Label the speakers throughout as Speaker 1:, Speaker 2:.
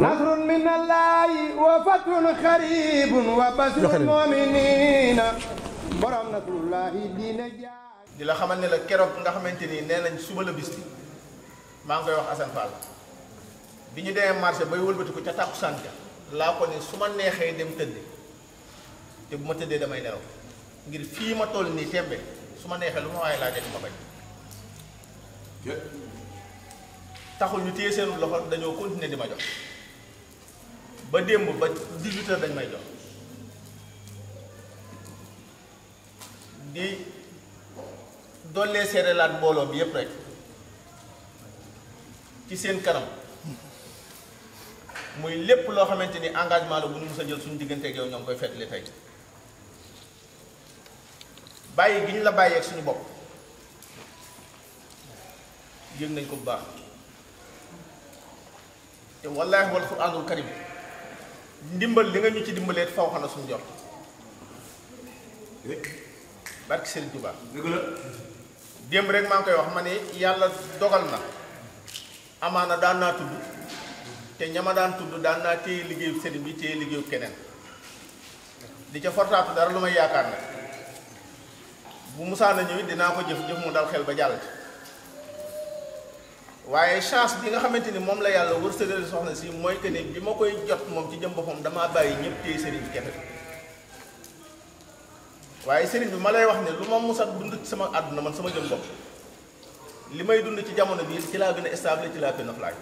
Speaker 1: نصر من الله وفتح خريب وبسر المؤمنين
Speaker 2: برام نصر الله دين جاء إلا خمان نيلا كيروك نغا خمان تيني نيلا نسوبة لبستي ما نغي وخ حسن فال بي ني ديم مارشي باي وول بتو كو تاتا كو سانجا لا كو ني سوما نيهي ديم تندي تي بوما تندي داماي نيرو غير في ما تول ني تيمبي سوما نيهي لوما واي لا ديم ما باي taxul ñu téyé seen loxo dañoo continuer di ma jox ba démb ba 18 heures dañ may jox di dollee seerelaat mbooloo bi yépp rek ci seen kanam muy lépp loo xamante ni engagement la bu nu mës jël suñu diggante ak yow ñoo ngi koy fetli tey bàyyi gi ñu la bàyyeeg suñu bopp yëg nañ ko bu baax te wallaahi wal quraanul karim ndimbal li nga ñu ci dimbalee faw xana suñu jot barki Serigne Touba dëgg démb rek maa ngi koy wax ma ne yàlla dogal na amaan na daan naa tudd te ñama daan tudd daan naa téye liggéeyu sëriñ bi téye liggéeyu keneen di ca fortaatu dara lu may yaakaar ne bu musaana ñëw dinaa ko jëf jëf mu dal xel ba jàll waaye chance bi nga xamante ni moom la yàlla wërsëgal soxna si mooy que ne bi ma koy jot moom ci jëm boppam damaa bàyyi ñëpp téye sëriñ bi kenn waaye sëriñ bi ma lay wax ne lu ma musa dund ci sama àdduna man sama jëm bopp li may dund ci jamono bii ci laa gën a stable ci laa gën a flag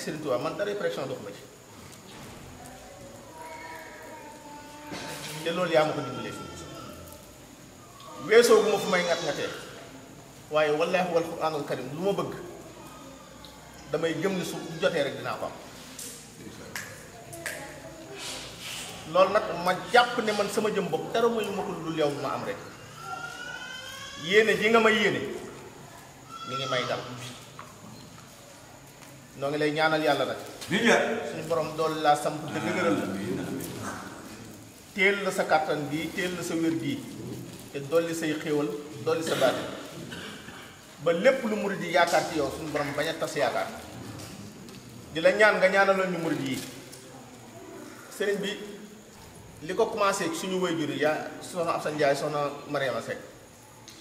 Speaker 2: sëriñ Tuubaa man dara pression dox ma ci te loolu yaa ma ko dimbalee weesoo gu ma fu may ngat ngatee waye wallahi wal qur'an al karim luma ma bëgg damay gëm ni su jotee rek dina ko am loolu nak ma jàpp ne man sama jëm bopp dara moy ma ko dul yow ma am rek yene ji nga may yene mi ngi may dal no ngi lay ñaanal yàlla nak bi nag suñu borom dool la samp te dëgëral la teel la sa kàttan bi teel la sa wér bi te dolli say xewal dolli sa baati ba lepp lu mouride yi yaakaar ci yow suñu borom bañ a tas yaakaar di la ñaan nga ñaanaloon ñu mouride yi sëriñ bi li ko commencé ci suñu wayjur ya soxna absan Ndiaye soxna Mariama Seck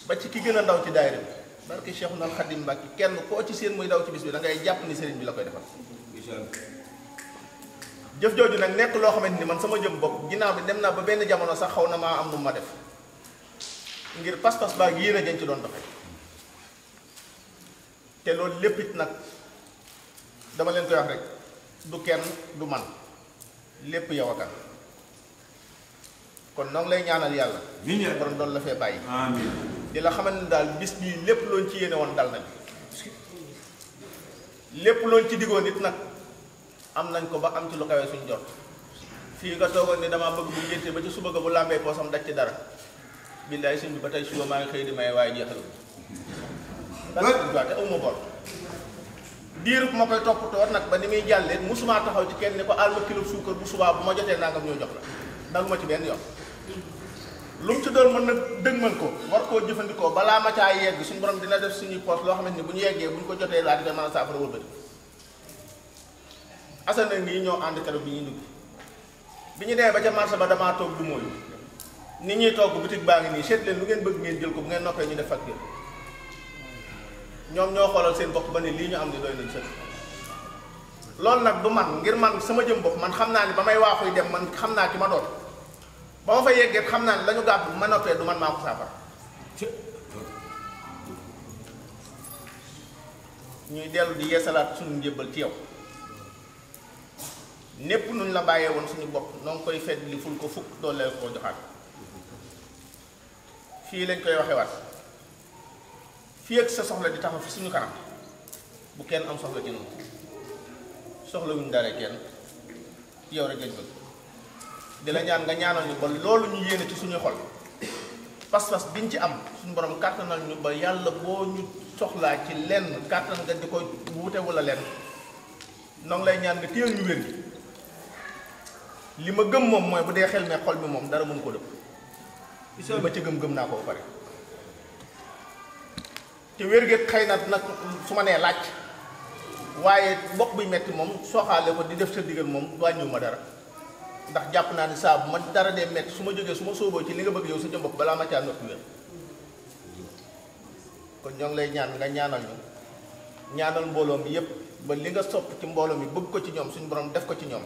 Speaker 2: ba ci ki gën a ndaw ci daayira bi barke Cheikh Nal Khadim Mbacke kenn koo ci seen muy daw ci bis bi da ngay jàpp ni sëriñ bi la koy defal jëf jooju nag nekk loo xamante ni man sama jëm bopp ginnaaw bi dem naa ba benn jamono sax xaw na maa am lu ma def ngir pas-pas baa yéen a jën ci doon doxee te loolu lépp it nag dama leen koy wax rek du kenn du man lépp yow akan kon noo ngi lay ñaanal yàlla. nii borom doon la fee bàyyi. di la xamante ni daal bis bii lépp looñ ci yéene woon dal na bi lépp looñ ci diggoon it nag am nañ ko ba am ci lu kawee suñ jot. fii nga toogoon ni dama bëgg bu ngénte ba ci suba ga bu làmbee poosam daj ci dara billaay suñ bi ba tey suba maa ngi xëy di may waaye jeexal good doit amu bor diirub ma nak toppatoo nag ba ni muy jàllee musuma taxaw ci kenn ne ko alma kilo suukar bu subaa bu ma jotee nangam ñoo jox la daluma ci benn yoon lu mu ci doon mën na dëgmal ko war koo jëfandikoo balaa ma caa yegg suñu borom dina def suñuy poos loo xamante ni bu ñu yeggee bu ñu ko jotee laa dina mën a saafara wëlbati asana ngi ñoo ànd keroog bi ñuy dugg bi ñu ba ca marché ba du nit boutique leen lu ngeen bëgg ngeen jël ko bu ngeen ñu def facture ñoom ñoo xoolal seen bopp ba ne lii ñu am ni doy nañ sëkk loolu nag du man ngir man sama jëm bopp man xam naa ne ba may waaxuy dem man xam naa ki ma doon ba ma fa yeggee xam naa ne la ñu gàpp ma noppee du man maa ko saafara dellu di yeesalaat suñu njëbbal ci yow népp nuñ la bàyyee woon suñu bopp noo koy fedd li ko fukk doole ko joxaat fii lañ koy waxewaat fii sa soxla di taxaw fi suñu kanam bu kenn am soxla ci noonu soxla wuñ dara kenn yow rek lañ bëgg di la ñaan nga ñaanal ñu ba loolu ñu yéene ci suñu xol pas-pas biñ ci am suñu borom kàttanal ñu ba yàlla boo ñu soxlaa ci lenn kàttan nga di ko wute wala lenn noo lay ñaan nga téyal ñu wér gi li ma gëm moom mooy bu dee xel ne xol bi moom dara mun ko dëpp li ma ci gëm gëm naa ko pare te wér gi nak na nag su wae nee laaj waaye bi metti ko di def sa mom moom wàññiwu ma dara ndax japp na ni sa bu ma dara dé metti suma joggé suma sobo ci li nga bëgg yow sa jëmbok bala ma ca nopp wër kon ñong lay ñaan nga ñaanal ñu ñaanal mbolom yépp ba li nga sopp ci mbolom bëgg ko ci ñom suñu borom def ko ci ñom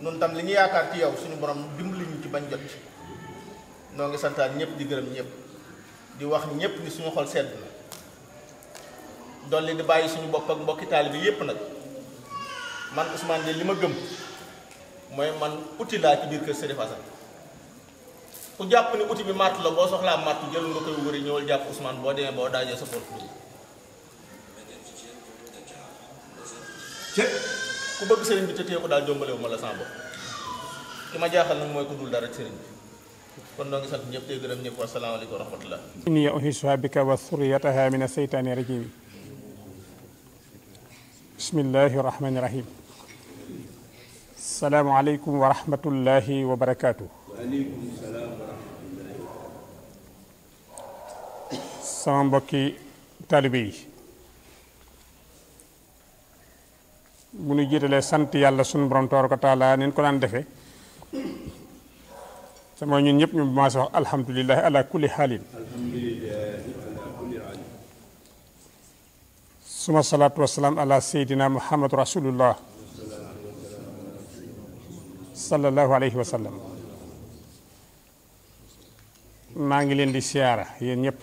Speaker 2: nun tam li ñu yaakaar ci yow suñu borom dimbali ñu ci bañ jot ci santaan ñëpp di gërëm ñëpp di wax ñëpp ni suñu xol sedd na doon leen di bayyi suñu bopp ak mbokki taalibe yépp nak man Ousmane de li ma gëm moy man outil la ci bir keur serif Assane ku japp ni outil bi mat la bo soxla mat jël nga koy wëri ñëwal jàpp Ousmane bo demee bo dajé sa ci ku bëgg serigne bi te téye ko daal jombalewu ma la sama bopp ki ma jaaxal nag ku dul dara serigne bi kon do ngi sant ñepp te gërëm ñëpp alaykum wa rahmatullah
Speaker 3: inni uhiisuha sahabika wa thuriyataha min aseytaani rajim بسم الله الرحمن الرحيم السلام عليكم ورحمة الله وبركاته
Speaker 2: وعليكم السلام ورحمة الله
Speaker 3: وبركاته طالبي بني جيتالي سانت يالا سون بروم تبارك وتعالى نين كو دان ديفه سما ñun ñep ñu ma الحمد لله على كل حال
Speaker 2: الحمد لله
Speaker 3: suma salaatu salaam ala seydina muhammad rasulullah sallallahu alayhi wa maa ngi leen di siyaara yéen ñëpp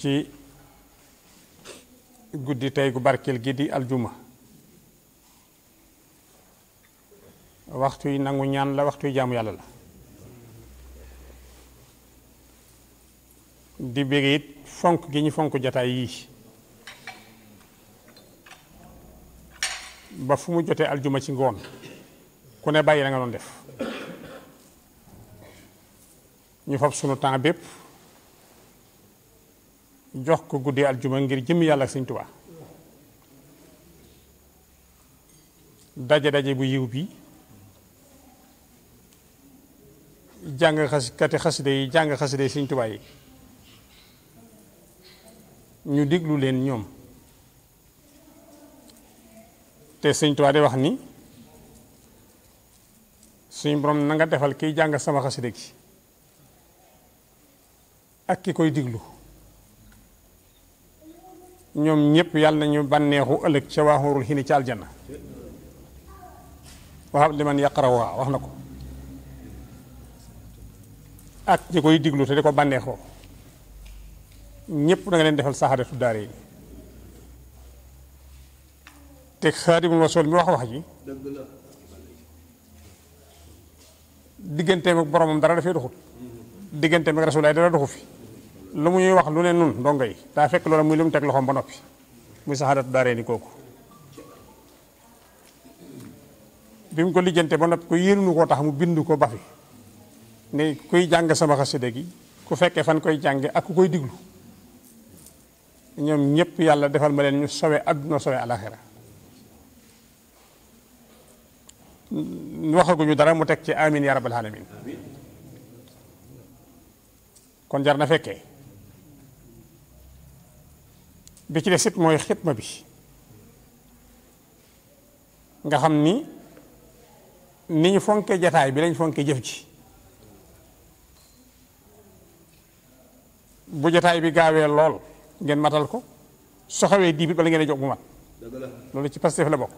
Speaker 3: ci guddi tey gu barkeel gi di aljuma waxtu yi nangu ñaan la waxtu yi jaamu yàlla la di bëgg it fonk gi ñu fonk jataay yii ba fu mu jotee aljuma ci ngoon ku ne bàyyi la doon def ñu fab sunu temps bépp jox ko guddee aljuma ngir jëmm yàlla ak sëñ Tuubaa daje daje bu yiw bi jàng xas kati yi jàng xaside yi sëñ Tuubaa yi ñu diglu leen ñoom te sëñ Tuubaa di wax ni suñ borom na nga defal kiy jàng sama xasida gi ak ki koy diglu ñoom ñëpp yàlla nañu bànneexu ëllëg ca waaxoorul xini ca aljanna waxab li man yàqarawaa wax na ko ak ñi koy diglu te di ko bànneexoo ñepp da nga leen defal saxaadatu daare yi te xaadimul rasul mi wax wax ji digeentem ak boromam dara dafay doxut digeentem ak rasulaay dara doxu fi lu muy wax lu ne nun ndongo yi daa fekk lolu muy lu mu tek loxom ba nopi muy daare ni koku bim ko ba nopi ko ko tax mu bind ko bafi ne kuy jang sama xasida gi ku fekke fan koy jànge ak koy diglu ñoom ñëpp yàlla defal ma leen ñu sowe adduna sowe alaxira waxaguñu dara mu teg ci amin ya rabbal alamin kon jar na fekkee bi ci des it mooy ma bi nga xam ni ni ñu fonke jataay bi lañ fonke jëf ji bu jataay bi gaawee lool ngeen matal ko su xawee diibit bala ngeen a jox bu mat loolu ci Pastef la bokk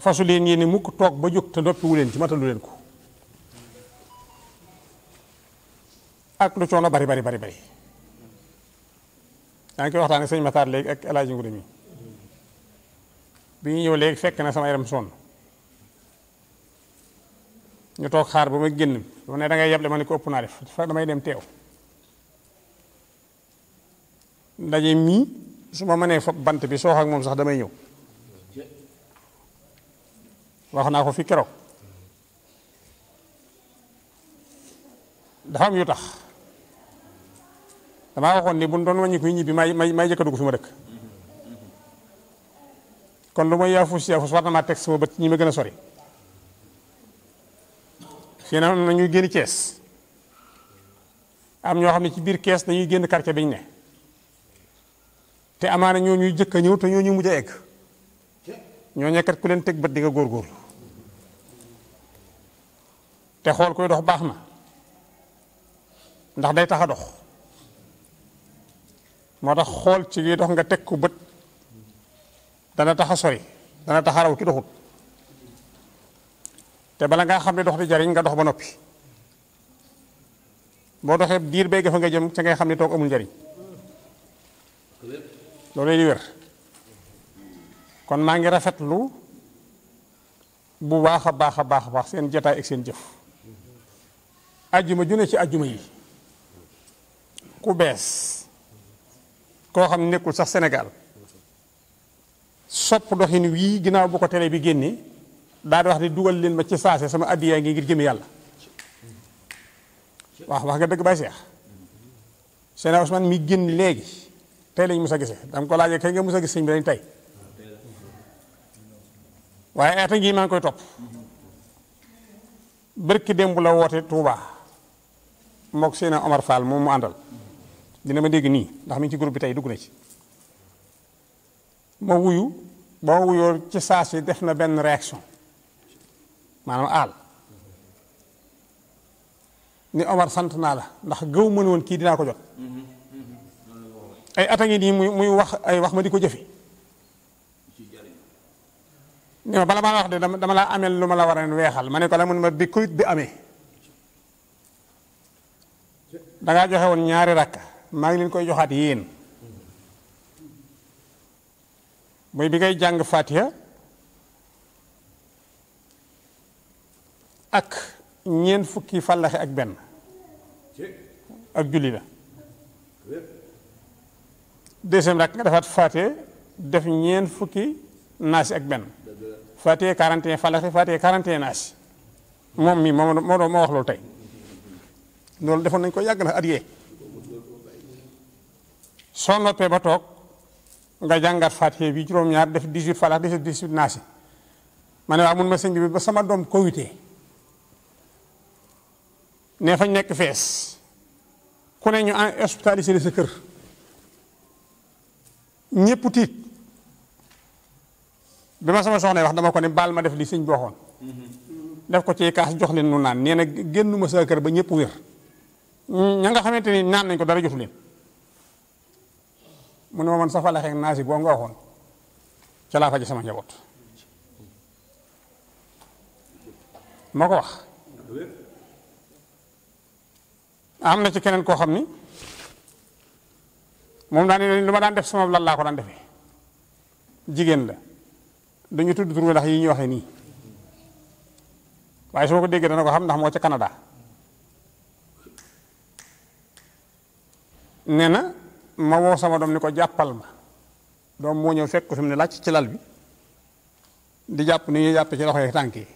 Speaker 3: fasu leen yéen mukk toog ba jóg te noppiwu leen ci matalu leen ko ak lu coono bari bari bari bari yaa ngi koy waxtaan ak sëñ Matar léegi ak El Hadj Ngoudé bi ñu ñëw léegi fekk na sama yaram sonn ñu toog xaar ba ma génn ba ma ne dangay yeble ma ne ko ëpp naa def damay dem teew ndaje mi suma mané fop bant bi so ak mom sax damay ñew wax naa ko fi kéro dafa am yu tax dama waxon ni bu ndon wañi ko ñibi may may may jëkk a dugg fi dëkk kon luma ma yaafus yaafus war na maa teg sama bëtt ñi ma gëna sori fii na am na ñuy am ñoo xamni ci bir Cees dañuy gën quartier biñ ne te amaana ñoo ñuy jëkk a ñëw te ñoo ñuy mujj a egg ñoo ñekkat ku leen teg bët di nga góorgóorlu te xool koy dox baax na ndax day tax a dox moo tax xool ci gi dox nga teg ko bët dana tax a sori dana tax a raw ki doxut te bala ngaa xam ne dox di jariñ nga dox ba noppi boo doxee diir bee fa nga jëm ca ngay xam ne toog amul njariñ loolay di wér kon ma ngi rafetlu bu baakha baakha baakha a baax si seen jataay ak seen jëf aljuma ju ne ci aljuma yi ku bes ko xam nekul sax senegal sop doxin wi ginaaw bu ko télé bi génné da wax ni duggal leen ma ci sama adiya ngi ngir jëm yalla wax wax nga deug bay cheikh Sénégal Ousmane mi génn légui tey lañ mus a gise dama ko laajee kay nga mos a gis ñu bi dañ tey waaye at a maa ngi koy topp bërki démb la woote Touba mook seena Omar Fall moom mu àndal dina ma dégg nii ndax mi ci groupe bi tey dugg na ci ma wuyu ba ma wuyoo ci saa si def na benn réaction maanaam aal ni Omar sant naa la ndax gëw mën woon kii dinaa ko jot mm-hmm. ay atangi ni mu muy muy wax ay wax ma di ko ni ma bala maa wax de dama la amel luma la waran wéxal mané ko la mun ma bi kuyit bi da nga joxé won ñaari rakka ma ngi leen koy joxat yeen muy bi ngay jang Fatiha ak ñeen fukki fàllaxe ak ben. ak julli la deuxième rak nga defaat faatee def ñeen fukki naasi ak benn faatee 41 falaxe faatee 41 naasi moom mii moo moo moo wax loolu tey loolu defoon nañ ko yàgg na at yee soo noppee ba toog nga jàngat faatee bi juróom-ñaar def 18 falax 18 18 naasi ma ne waa mun ma sëñ bi ba sama doom kowitee ne fañ nekk fees ku ne ñu hospitalisé sa kër ñëpp tiit bi ma sama soxna wax dama ko ne baal ma def lii sëñ bi waxoon def ko ci kaas jox leen nu naan nee na ma sa kër ba ñëpp wér ña nga xamante ni naan nañ ko dara jotu leen mu ne ma man safala xeeg naasi boo nga waxoon ca laa sama njaboot moo ko wax am na ci keneen koo xam ni mom dañ ne luma ma daan def sama lan la ko daan defee jigen la dañu tuddu turu ndax yi ñu waxee ni waaye soko ko déggee dana ko xam ndax mo ci Canada nena ma wo sama dom ni ko ma dom mo ñew fekk ko ne ci lal bi di japp ni ñu japp ci tanki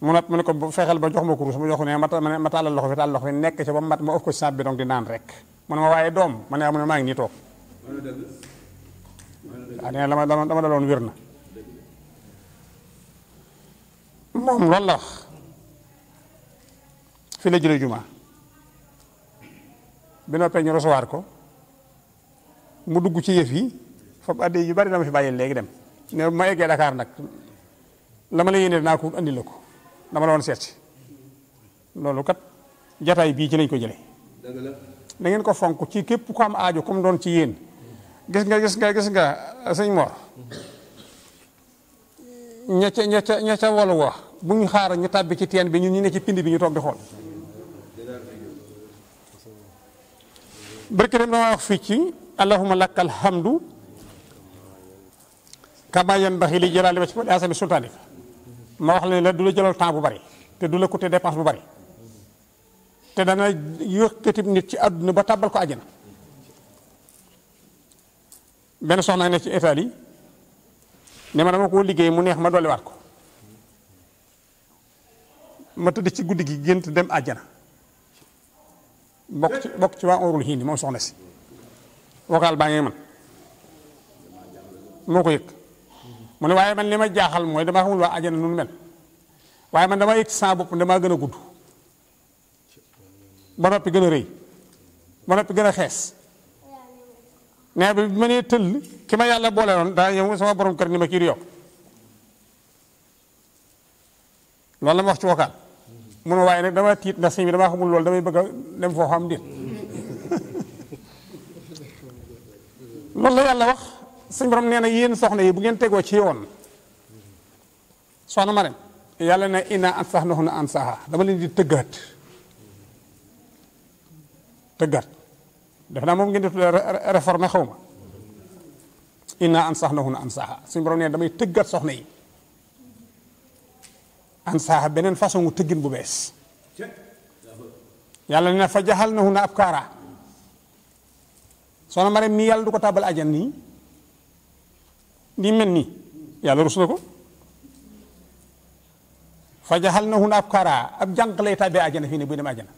Speaker 3: mu nat mu ne ko fexeel ba jox ma kurus mu jox ne ma ma tàllal loxo fi tàllal loxo fi nekk ci ba mu mat ma ëf ko ci saab di naan rek mu ne ma waaye doom ma ne mu ne maa ngi nii toog waaw ah, nee dama dama daloon wér na fi la jële juma bi noppee ñu ko mu dugg ci yëf yi foofu addi yu bari dama fi bàyyi léegi dem ne ma eggee Dakar nag la ma la yéene dinaa ko andi ko dama la won set si kat jotaay bi ci lañ ko jëlé da ngeen ko fonku ci képp ko am aaju kum doon ci yeen gis nga gis nga gis nga señ mo ña ca ña ca ña ca bu ñu xaar ñu tabbi ci tien bi ñun ñi ne ci pind bi ñu tok di xol barke na wax fi ci allahumma lakal hamdu kama yanbaxi li jalaali wa li azami ma wax leen la du la jëlal temps bu bari te du la coûter dépense bu bari te dana yëkkati nit ci àdduna ba tàbbal ko àjjana benn soxna ne ci Italie ne ma dama koo liggéey mu neex ma dolliwaat ko ma ci guddi gi gént dem àjjana bokk ci bokk ci waa orul hindi moom soxna si vocal baa ngi man moo ko yëg mu ne waaye man li ma jaaxal mooy damaa xamul waa àjjana nu mel waaye man dama yëg saa bopp damaa gën a gudd ba noppi gën a rëy ba noppi gën a xees nee bi ma nee tëll ki ma yàlla boole woon daa yow sama borom kër ni ma kii di yokk loolu la ma wax ci wokkaal mu ne waaye dama tiit ndax bi damaa xamul lool damay bëgg a dem foofu am déet loolu la yàlla wax suñ nee na yéen soxna yi bu ngeen tegoo ci yoon soxna ma yàlla ne ina an na an saxa dama leen di tëggaat tëggaat def naa moom ngeen di tuddee xaw ma ina an sax noxu na an saxa suñ borom damay tëggaat soxna yi an beneen façon gu tëggin bu bees yàlla ne fa jaxal naxu na ab kaara soxna ma mii yàlla du ko tàbbal ajan nii li mel nii yàlla rus na ko fa jaxal na hun ab kara ab jànq lay tàbbee àjjana fii ne buy dem àjjana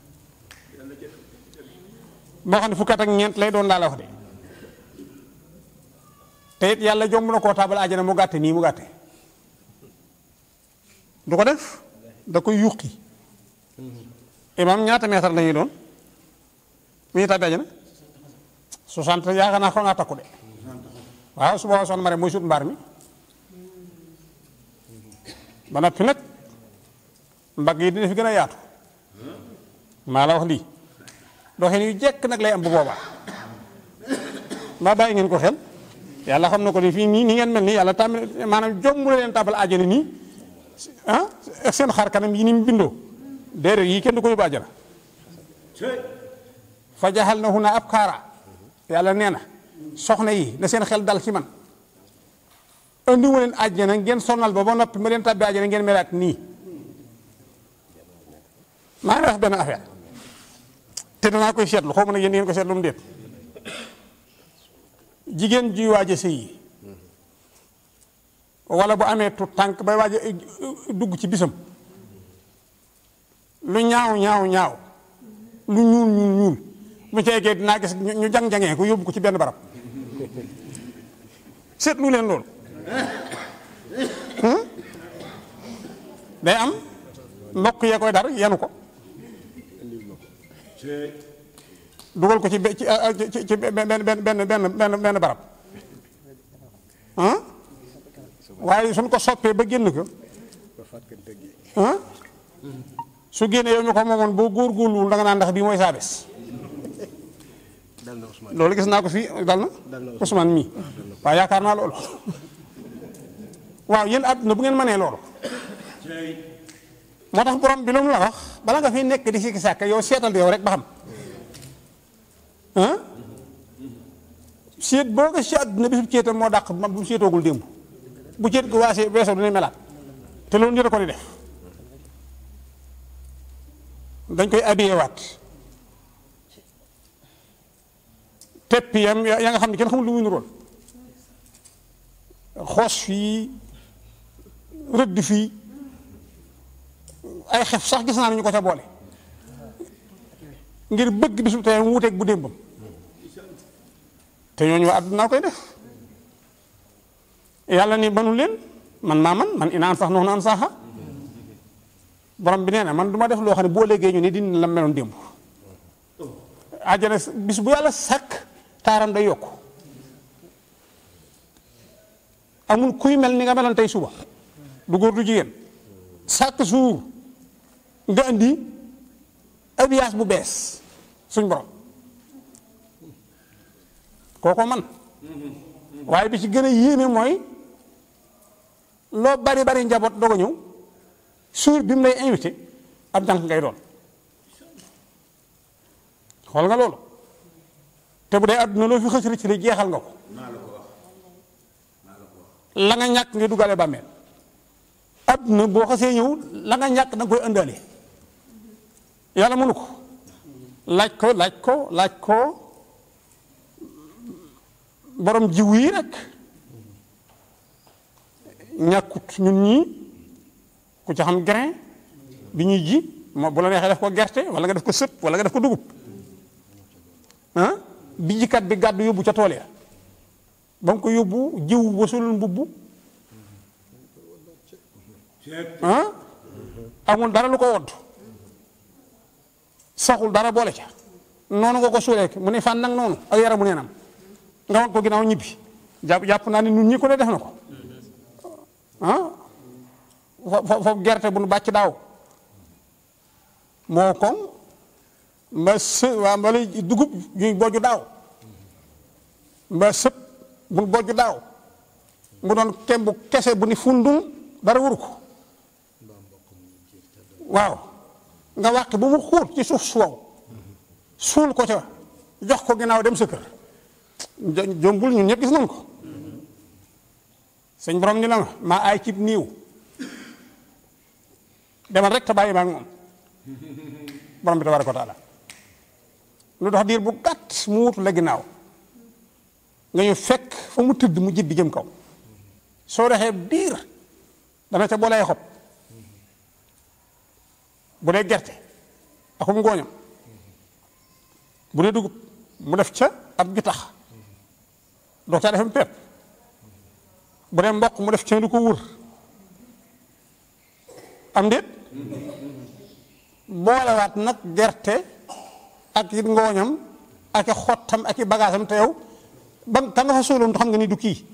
Speaker 3: moo xam ne fukkat ak ñeent lay doon laa la wax de te yàlla jomb na koo taabal àjjana mu gàtte nii mu gàtte du ko def da koy yuqi imam ñaata meetar lañuy doon mu ñuy tàbbee àjjana soixante yaakaar naa ko naa takku de waaw su boobaa soxna Mari mooy sut mbar mi ba noppi nag mbag yi dina fi gën a yaatu maa la wax lii doxin yu jekk nag lay am bu boobaa ma bàyyi ngeen ko xel yàlla xam na ko ni fii nii ni ngeen mel nii yàlla tam maanaam jomb la leen tabal àjjana nii ah ak seen xar kanam yi ni mu bindoo déedéet yii kenn du ko yóbbu àjjana fa jaxal na huna ab kaara yàlla nee na soxna yi na seen xel dal ci man andi ma leen àjjana ngeen sonal ba ba noppi ma leen tàbbi àjjana ngeen melaat nii maa ngi wax benn affaire te danaa koy seetlu xaw ma nag yéen ngeen ko seetlu mu déet jigéen juy waaj sëyi wala bu amee tu tànk bay waaj dugg ci bisam lu ñaaw ñaaw ñaaw lu ñuul ñuul ñuul mu ci eggee dinaa gis ñu jang-jangee ko yóbbu ko ci benn barab seetlu leen loolu hmm? day am ndokk yee koy dar yenu ko dugal ko ci ah, ci ci benn benn benn benn barab hmm? waaye suñ ko soppee ba génn ko hmm? su génnee yow mi ko moomoon boo góorgóorluwul da nga naan ndax bii mooy saa bés loolu gis naa ko fii dal na Ousmane mi wa yakarna naa waaw yeen aduna bu ngeen mané loolu motax borom bi lu la wax bala nga fi nek di sikki sak yow seetal yow rek ba xam hein seet bo ko si àdduna bi su mo dak dàq bu mu seetoogul bu ceet ko waa see dina melaat te loolu njëriñ ko ni def dañ koy wat TPM ya, ya nga xamni ne kenn xamul lu muy nuroon xoos fi rëdd fi ay xef sax gis naa ñu ko ca boole ngir bëgg bisu tey mu wuteeg bu démbam te ñooñu waa àdduna koy def yàlla ni banu leen man maa man man inaan sax noonu an saaxa borom bi nee na man duma def loo xam ne boo léegee ñu ne dina la meloon démb àjjana bis bu yàlla sàkk taram day yok amul kuy mel ni nga meloon tay suba du gor du jigen chaque jour nga andi abiyaas bu bes suñ borom koko man waaye bi ci gëna a moy lo bari bari njabot dogo ñu sur bi mu invité ab jànk ngay doon xol nga lolou te bu dee àdduna loo fi xës rëcc li jeexal nga ko la nga ñàkk ngay dugale bàmmeel àdduna boo xasee ñëw langa nga ñàkk danga koy ëndaale yàlla mënu ko laaj ko laaj ko laaj ko borom jiw yi rek ñàkkut ñun ñi ku ci xam grain bi ñuy ji moo bu la neexee def ko gerte wala nga def ko sëb wala nga def ko dugub bi jikat bi gàddu yóbbu ca tool ya ko yóbbu jiw wasulul mbubb ah amul dara lu ko wodd saxul dara boole ca noonu nga ko suuree mu ne fànn nag noonu ak yaramu neenam nga wan ko ginnaaw ñibbi jàpp jàpp naa ne ñun ñi ko ne def na ko ah fo gerte bu nu bàcc daaw moo koŋ mba së waa mbala dugub yuy bojju daaw mba sëb bu bojju daaw mu doon kemb kese bu ni fundum dara ko waaw nga wàq bu mu xuut ci suuf soow suul ko ca jox ko ginnaaw dem sa kër jombul ñun ñëpp gis nañ ko sëñ borom ni la ma maa aay cib niiw demal rek te bàyyi ma moom borom bi tabaaraka wa taala lu tax diir bu gàtt mu wutu la ginnaaw nga ñu fekk fa mu tëdd mu jibbi jëm kaw soo doxee diir dana ca boole xob bu dee gerte akum ngooñam bu dee dugub mu def ca ab gitax doo caa defam pepp bu dee mboq mu def ca lu ko wër am déet boolewaat nag gerte ak it ngooñam ak i xottam ak i bagaasam te yow ba ka nga fa suuloon xam nga ni du kii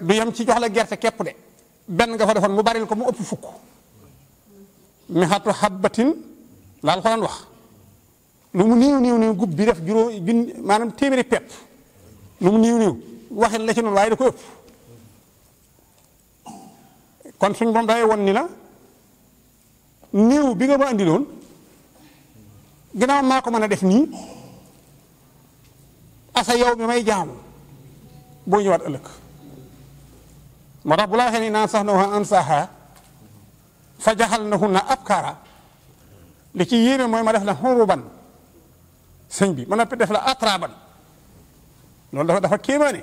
Speaker 3: du yem ci jox la gerte képp de benn nga fa defoon mu baril ko mu ëpp fukk mi xatu xabbatin laal xoolan wax lu mu niiw niiw niiw gub bi def juróom junni maanaam téeméeri pepp lu mu niiw niiw waxin la ci noonu waaye da ko ëpp kon suñ moom dawee woon ni la néew bi nga ma andiloon ginnaaw maa ko mën a def nii asa yow mi may jaamu boo ñëwaat ëllëg moo tax bu la waxee ni naan sax na wax ansaha saha fa jaxal na hun ab kaara li ci yéeme mooy ma def la xuruban sëñ bi ma noppi def la atraban loolu dafa dafa kéemaane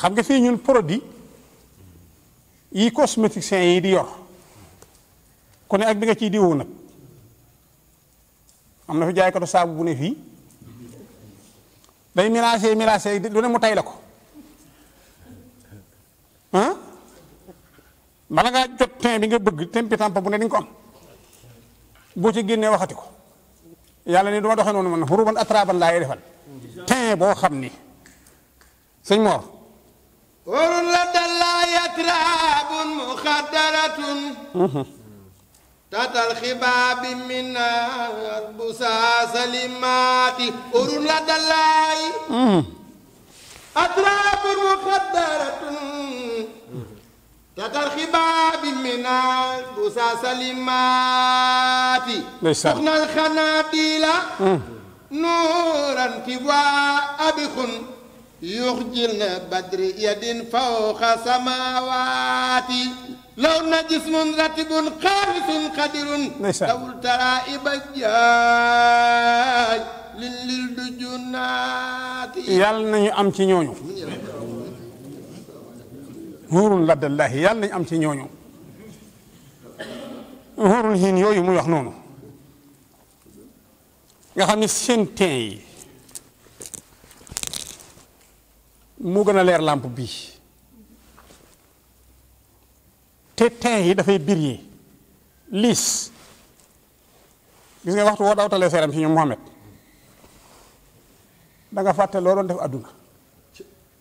Speaker 3: xam nga fii ñun produit yi cosméticiens yi di yor ku ak bi nga ciy diwoo nag am na fi jaaykatu saabu bu ne fii day mélangé mélangé lu ne mu tay la ko bala ngaa jot temps bi nga bëgg tempi tampa bu ne di ko am boo ci génnee waxati ko yàlla ni du ma doxee noonu man xuruban atraban laay defal temps boo xam ni sëñ Mor warun la
Speaker 1: dallaa yatraabun muxaddaratun mhm. تاتا الخباب منا بوسا سليماتي أرن لدلاي أتراب مخدرة تاتا الخباب منا بوسا سليماتي سخن الخناديل نورا تبوا أبخن يخجل بدر يد فوق سماواتي لو نجس من رتب قابس قدر لو ترى الجاي للدجنات يال
Speaker 3: نيو ام تي نيونو نور لدى الله يال نيو ام تي نيونو نور هين يوي مو يخ نونو nga xam ni seen teen yi moo gën a te teint yi dafay briller lisse gis nga waxtu woo dawtalee seeram ci ñu Mohamed da fàtte loo doon def àdduna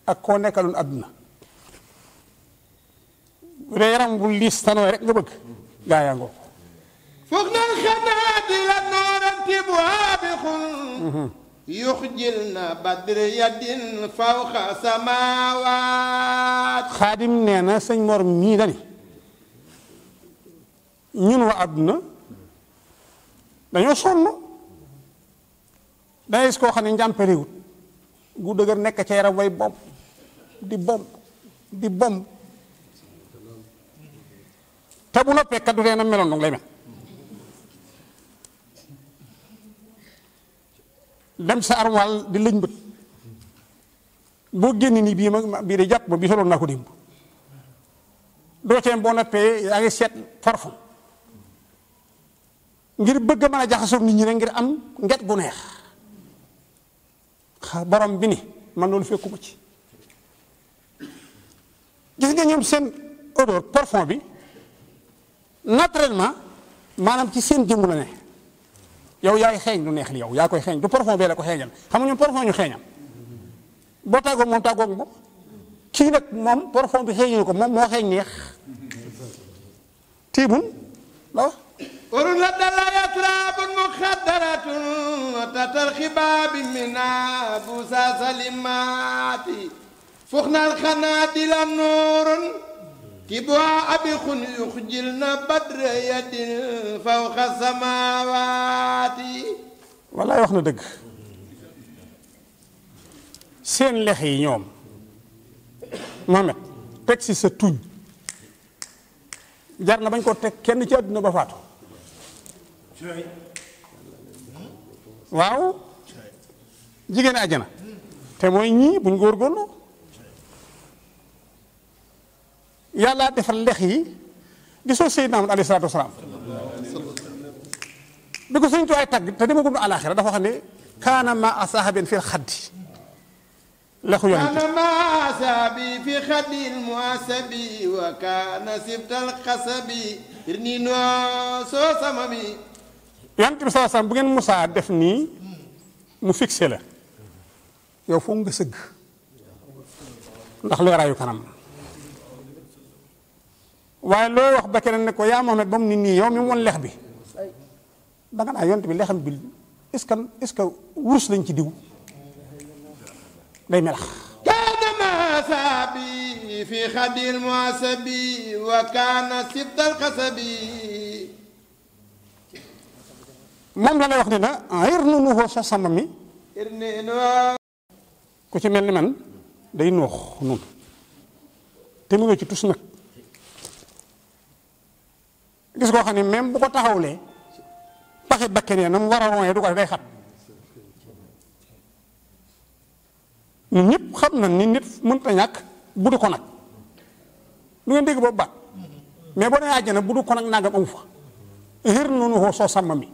Speaker 3: ak koo nekkaloon àdduna bu dee yaram bu liis tanooy rek nga bëgg gaa yaa ngoo
Speaker 1: foog nal xanaati la nooranti bu haabixul mhm. yuxjil na badri yadin fawqa samaawaat
Speaker 3: xaadim nee na sëñ mii dani ñun waa àdduna dañoo sonn dangay gis koo xam ne njàmpe réewut gu dëgër nekk ca yaram way bomb di bomb di bomb te bu noppee kat du na meloon dong lay mel dem sa armoire di lëñ boo génn nii bii ma bii de jàpp ma bii soloon naa ko démb doo ceeb boo noppee yaa ngi seet parfum ngir bëgg a mën a jaxasoog nit ñi rek ngir am nget gu neex borom bi ni man loolu fekkuma ci gis nga ñoom seen odeur parfum bi naturellement maanaam ci seen jëmm la ne yow yaay xeeñ lu neex li yow yaa koy xeeñ du parfum bee la ko xeeñal xam nga ñoom parfum ñu xeeñal boo tàggoog moom tàggoog moom kii nag moom parfum bi xeeñu ko moom moo xeeñ neex tiibun la
Speaker 1: أرن الدلايا تراب مخدرة تتر خباب من أبوسا سلمات فخنا الخنادل نور كبوا أبخ يخجلنا بدر يد فوق السماوات
Speaker 3: والله يخنا دق seen lex yi ñoom Mohamed teg si sa tuñ jar na bañ ko teg kenn ci àdduna ba faatu waaw jigéen àjjana te mooy ñii buñ góorgóorlu yàlla defal lex yi gisoo Seydina Muhammad alayhi salaatu wasalaam bi ko sëñ tuwaay tagg te demagum na alaxira dafa xam kaana ma asahabin fil xaddi lexu yonent kaana ma asabi fi xaddi
Speaker 1: muasabi wa kaana sibtal xasabi irni noo soo
Speaker 3: sama mi يعني تبي سالس بعدين موسى دفني مفكس له يوفون قصق نخلي رأيك أنا وعلو وخبكر إنك ويا محمد بوم نني يوم يوم ولا خبي ده كان أيون تبي لخم بال إسكن إسكن ورس لين كديو ده ملخ في
Speaker 1: خدي المعسبي وكان سد القصبي
Speaker 3: moom la lay wax ne la ayir nu nuuxoo sa sàmm mi ku ci mel ni man day nuux nun te mu ci tus nag gis koo xam ne même bu ko taxawlee paxi bakke nee na mu war a royee du ko day xat ñun ñëpp xam na ni nit mënta ñàkk bu ko nag lu ngeen dégg boobu baat mais boo nee bu buddu ko nag nangam amu fa xër noonu xoo soo sàmm mi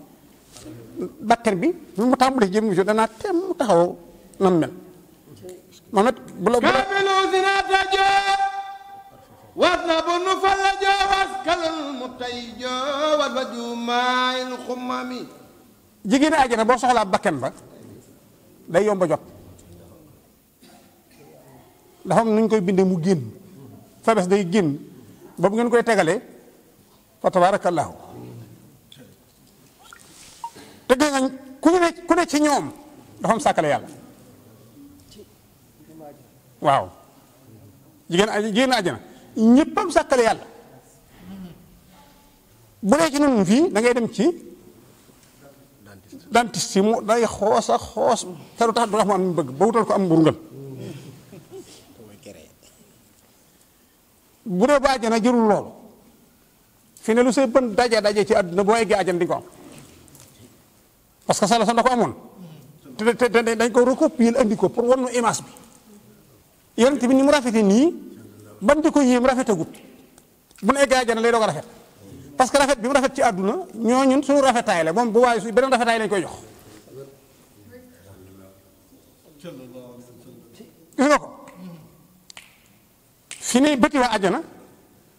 Speaker 3: batterie bi bi mu tàmbalee jëm émission danaa teem mu taxaw mel. moom it bu la bu la kaamilu
Speaker 1: zinaata mu tay joo wal ba jumaay
Speaker 3: lu xumami jigéen ajjana boo soxlaa bakkan ba day yomb jot dafa am nu koy bindee mu génn fabes day génn boobu ngeen koy tegale fa tabaarakallaahu te dee ku ne ku ne ci ñoom dafa am sàkkale yàlla waaw jigéen jigéen àjjana ñëpp am sàkkale yàlla bu dee ci nun fii da ngay dem ci dentiste mu day xoos ak xoos te du tax du am bëgg ba wutal ko am bu dee jërul loolu fi ne lu parce que sallallahu alayhi wasallam da ko dañ ko recopier andi ko pour wonu image bi yonent bi ni mu rafeté ni ban diko yim rafeté gut bu ne na lay doga rafet parce que rafet bi mu rafet ci aduna ñoo ñun suñu rafetaay la mom bu way su benen rafetay lañ koy jox fini beuti wa aljana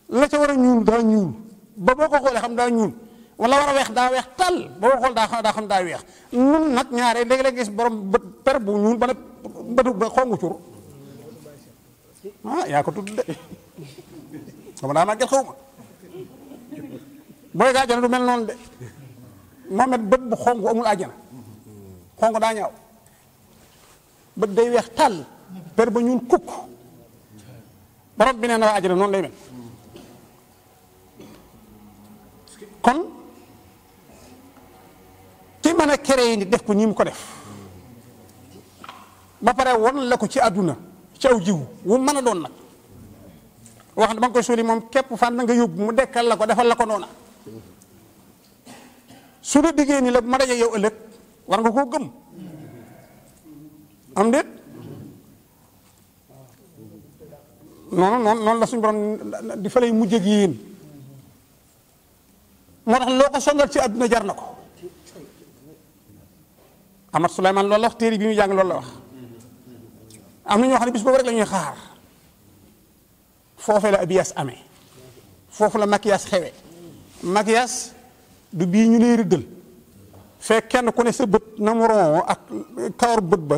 Speaker 3: la ca wara ñuul da ñuul ba boko xolé xam da ñuul wala war a weex daa weex tàll boo xool daa xam daa weex ñun nag ñaare léeg-léeg borom bët per bu ñuul ba ne bëtu ba xongu cur ah yaa ko tudd de dama daa màgget xaw ma booy gaa jana du mel daa ñaaw bët day weex tàll per ba ñuul kukk borom bi nee na waa àjjana noonu lay mel kon ki mën a yi ni def ko ñi mu ko def ba pare won la ko ci àdduna ci aw jiw wu mën a doon nag wax ba nga koy suuli moom képp fan na nga yóbbu mu dekkal la ko defal la ko noona su la ni la bu ma dajee yow ëllëg war nga koo gëm am déet noonu noonu noonu la suñu borom di fa lay mujjee ak yéen moo tax loo ko songal ci àdduna jar na ko amar sulaiman loolu wax téere bi mu jàng loolu wax am na ñoo xam bis bo rek lañuy xaar foofee la abiyas amé fofu la makiyas xewé makiyas du bi ñu lay rëddal fé kenn ku ne sa bëtt na mu ron ak kawr bëtt ba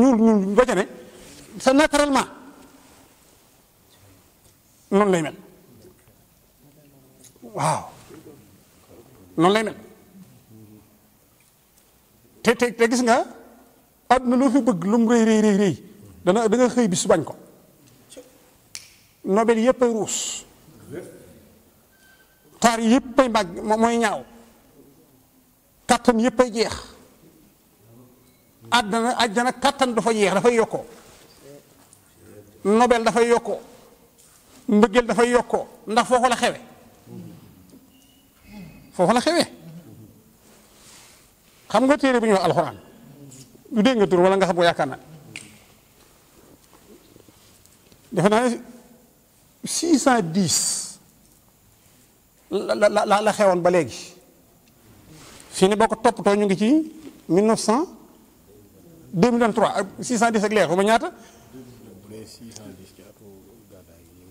Speaker 3: ñu ñu ba ne sa naturellement non lay mel waaw non lay mel. te te te gis nga àdduna loo fi bëgg lu mu rëy rëy dana da nga xëy bis bañ ko nobel yëpp ay ruus taar yëpp ay màgg mooy ñaaw kàttan yëpp ay jeex àddana àjjana kàttan dafa jeex dafay yokkoo nobel dafay yokkoo mbëggeel dafay yokkoo ndax foofu la xewe foofu la xewe xam nga téere bu ñuy wax alxuraan du dégg nga tur wala nga xam ko na 610 la la la la xewoon ba léegi fii ni boo ko toppatoo ñu ngi ci 1900 2023 610 ak léegi ñaata.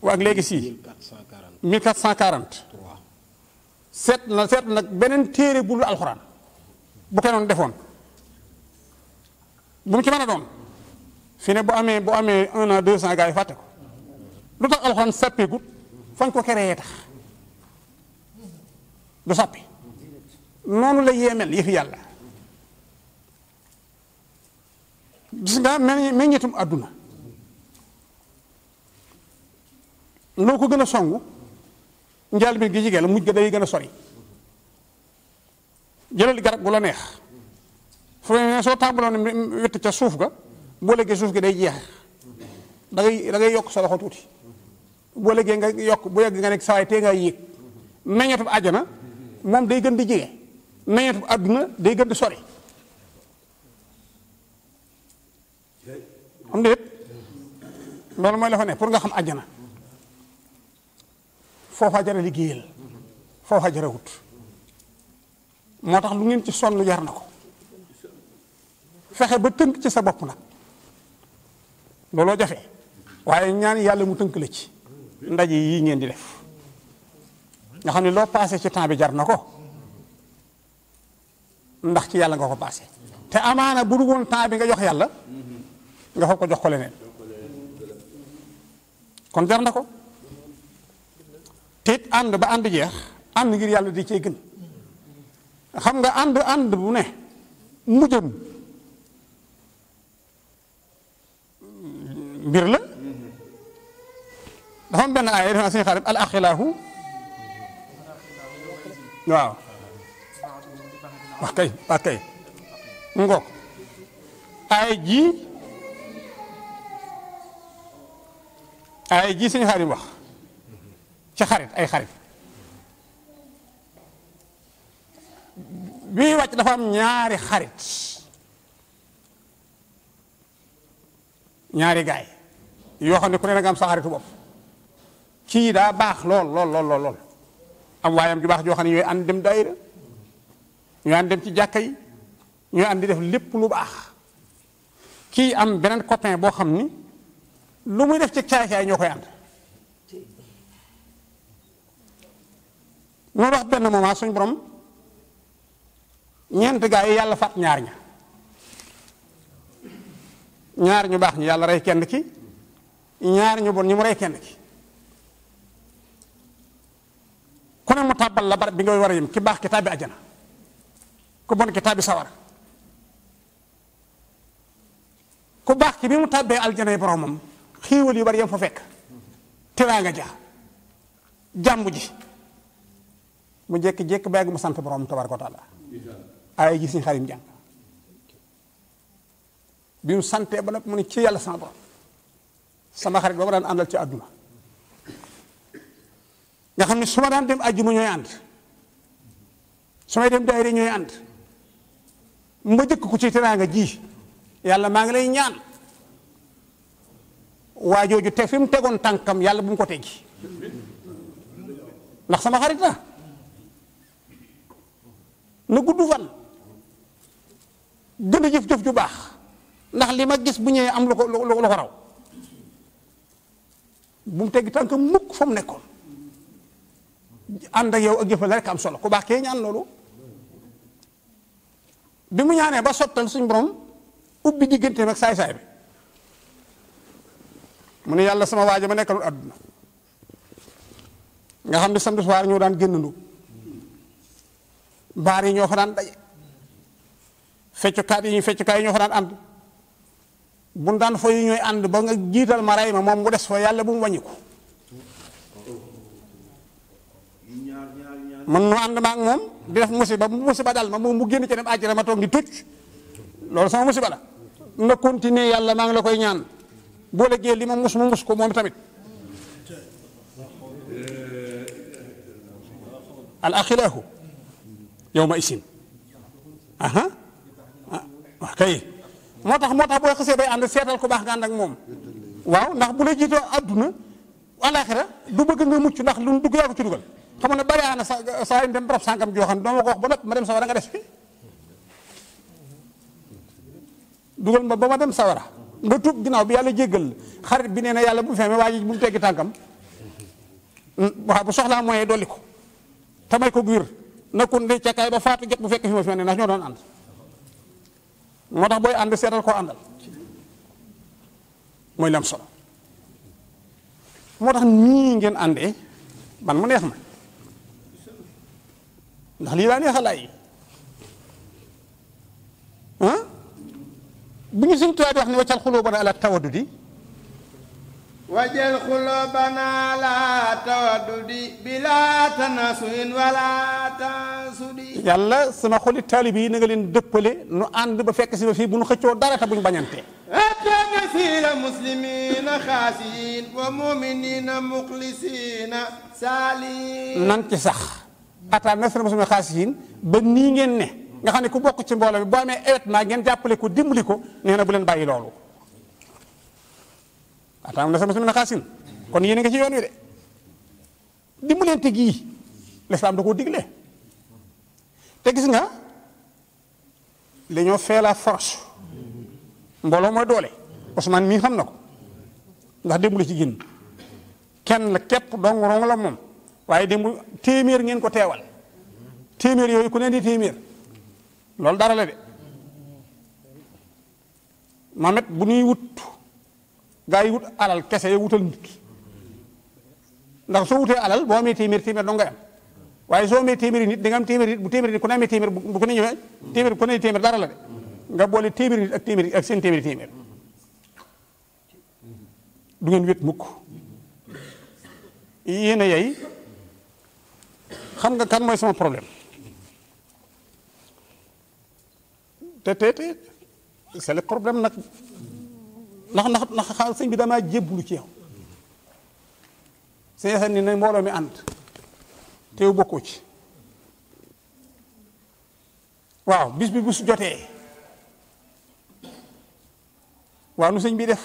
Speaker 3: waa léegi si bu dul bu ko defoon bu mu ci mën a doon fi ne bu amee bu amee un an deux cent gars yi fàtte ko lu tax alxuraan sàppeegut fañ ko keree tax du sàppi noonu la yéemel yëfi yàlla gis nga meññetum àdduna loo ko gën a songu njaal bi gi jigéen la mujj ga day gën a sori jëlal garab gu la neex fu ne soo tàmbaloon wett ca suuf ga bo léegi suuf gi day jeex da ngay da ngay yok sa loxo tuuti boo léegi nga yok bu yegg nga nek sawaay tee nga yik meñatu aljana mom day gën di jege meñatu aduna day gën di sori am nit loolu mooy la fa ne pour nga xam aljana fofa jara liggéeyal fofa jara wut moo tax lu ngeen ci sonn jar na ko fexe ba tënk ci sa bopp na looloo jafe waaye ñaan yàlla mu tënk la ci ndaje yii ngeen di def nga xam ne loo passé ci temps bi jar na ko ndax ci yàlla nga ko passé te amaana bu dul temps bi nga jox yàlla nga ko jox ko leneen kon jar na ko te ànd ba ànd jeex ànd ngir yàlla di cee gën xam nga ànd ànd bu ne mujjam mbir la dafa am benn aaya dafa suñu xarit al axilaahu waaw wax kay wax ngoog aaya jii aaya jii suñu xarit wax ci xarit ay xarit bii wàcc dafa am ñaari xarit ñaari gaay yoo xam ne ku ne nga am sa xaritu bopp kii daa baax lool lool lool lool am waayam ju baax joo xam ne ñooy ànd dem daayira ñooy ànd dem ci jàkka yi ñooy ànd di def lépp lu baax kii am beneen copain boo xam ni lu muy def ci caay-caay ñoo koy ànd noonu wax benn moment suñ borom ñent gaay yalla fat ñaar ña ñaar ñu bax ñu yalla ray kenn ki ñaar ñu bon ñu ray kenn ki ku ne mu tabal la bar bi nga war ki bax ki ajana ku bon ki sawar ku baax ki bi mu tabbe aljana boromam ya xiiwal yu bar yam fa fek tiraa nga ja jambu ji mu jek jek beug mu sante borom tabaraka taala aaya ji Sëñ Xaadim jàng bi mu santee ba nag mu ne ci yàlla sama sama xarit ba ma daan àndal ci àdduna nga xam ne su ma daan dem àjjuma ñooy ànd su may dem daayira ñooy ànd ma jëkk ku ci teraanga ji yàlla maa ngi lay ñaan waa jooju te fi mu tegoon tànkam yàlla bu mu ko teggi ndax sama xarit la na gudd fan gën jëf-jëf ju baax ndax li ma gis bu ñëwee am lu ko lu ko raw bu mu tegg tànk mukk fa mu nekkoon ànd ak yow ak jëfal rek am solo ku baax kee ñaan loolu bi mu ñaanee ba sottal suñ borom ubbi digganteem ak saay-saay bi mu ne yàlla sama waaja ma nekkalul àdduna nga xam ne samedi soir ñoo daan génnandu baar yi ñoo fa daan daje feccukaat yi ñu feccukaat yi ñoo fa daan ànd bu ñu daan foy ñooy ànd ba nga jiital ma ma moom mu des fa yàlla bu mu wàññiku man nu ànd ma ak moom di def musiba mu musiba dal ma moom mu génn ci dem àjjira ma toog di tucc loolu sama musiba la na continuer yàlla maa ngi la koy ñaan boo leggee li ma mus ma mus ko moom tamit al axilaahu yow ma isin waa kay moo tax moo tax boo xasee bay ànd seetal ku baax nga ànd ak moom waaw ndax bu la jiitoo àdduna alaxira du bëgg nga mucc ndax lu dugg yaa ko ci dugal xam ne bari na sa saa dem barab sàngam joo xam ne doo ma ko ba nopp ma dem sawara nga des fi dugal ma ma dem sawara nga tuub ginnaaw bi yàlla jéggal xarit bi nee na yàlla bu feemee waa ji bu mu hmm, bu soxlaa mooy dolli ko tamay ko guur na kun de cakaay ba faatu jot bu fekk fi ma ne ndax ñoo doon ànd moo tax booy ànd seetal ko àndal mooy lam solo moo tax nii ngeen àndee man mu neex ma ndax lii daa neexalaay yi bu ñu suñ tuwaay di wax ne waccal xuloo bana ala tawadudi
Speaker 1: wajal qulubana la tawaddudi bila tanasuin wala tasudi
Speaker 3: yalla sama khuli talibi na nga len deppele nu and ba fek si fi buñu bu dara ta buñu bañante
Speaker 1: atana nasira muslimin khasin wa mu'minin mukhlisin saaliin nan
Speaker 3: ci sax hatta nasira muslimin khasin ba ni ngeen ne nga xam ku bok ci mbolam bo amé ewet ma ngeen jappale ko dimbali ko neena bu len bayyi lolou atam la sama sunna khasin kon yene nga ci yoon kan wi de dimbalante gi l'islam da ko diglé te gis nga dañoo fee la force mbolo mooy dole Ousmane mi xam nako ndax dembu ci gin kenn la dong rong la mom waye timir témir ngeen ko téwal témir yoy ku ne di témir lol dara la de Mamet bu ñuy wut gaa yi wut alal kese yow wutal nit ndax soo wutee alal boo amee téeméer téeméer dong nga am waaye soo amee téeméeri nit di nga am téeméeri nit bu téeméeri nit ku ne amee téeméer bu ku ne ñëwee téeméer ku ne téeméer dara la de nga boole téeméeri nit ak téeméeri ak seen téeméeri téeméer du ngeen wét mukk yéen a yay xam nga kan mooy sama problème te te te c'est problème nag ndax ndax ndax sëñ bi damaa jébblu ci yow sëñ Asan ni ne mbooloo mi ànd te yow bokkoo ci waaw bis bi bu su jotee waaw nu sëñ bi def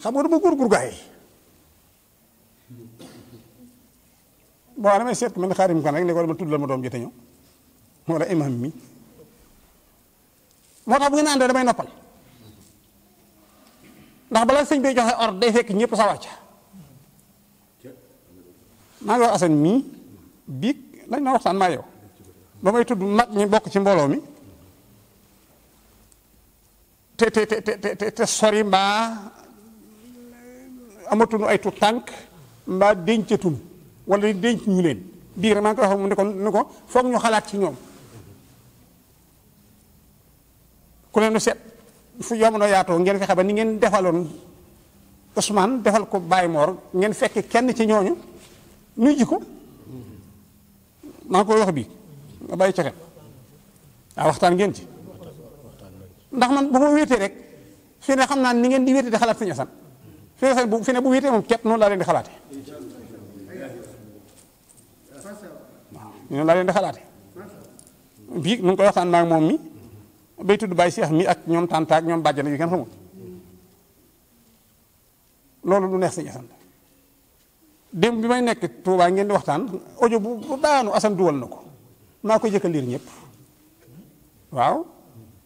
Speaker 3: xam nga dama gurgur gaay waaw damay seet man xaarim kan rek ne ko dama tudd la ma doom jote ñëw wala imam mi moo tax bu ngeen àndee damay noppal ndax balaa sëñ bi joxe ordre day fekk ñëpp sawar ca maa ngi wax asan mii biig lañ ma waxtaan maa yow ba may tudd mag ñi bokk ci mbooloo mi te te te te sori mbaa amatuñu ay tuut tànk mbaa dencatunu wala denc ñu leen biir maa ngi koy mu ne ko ni ko foog ñu xalaat ci ñoom ku leen set fu jamono yaatoo ngeen fexe ba ni ngeen defaloon Ousmane defal ko Baye Mor ngeen fekk kenn ci ñooñu nuyu ji ko maa koy wax bi nga bàyyi ca waaw waxtaan ngeen ndax man bu ma wéetee rek fi ne xam naa ni ngeen di wéetee di xalaat sëñ Asan fi ne bu fi ne bu wéetee moom képp noonu laa leen di xalaate waaw noonu la leen di xalaate bii nu ngi koy waxtaan maag moom mi bay tudd Baye Cheikh mi ak ñoom tànta ak ñoom bàjjana yu kenn xamul loolu lu neex sëñ Assane démb bi may nekk Touba ngeen di waxtaan ojo bu daanu Assane duwal na ko maa koy jëkk a liir ñëpp waaw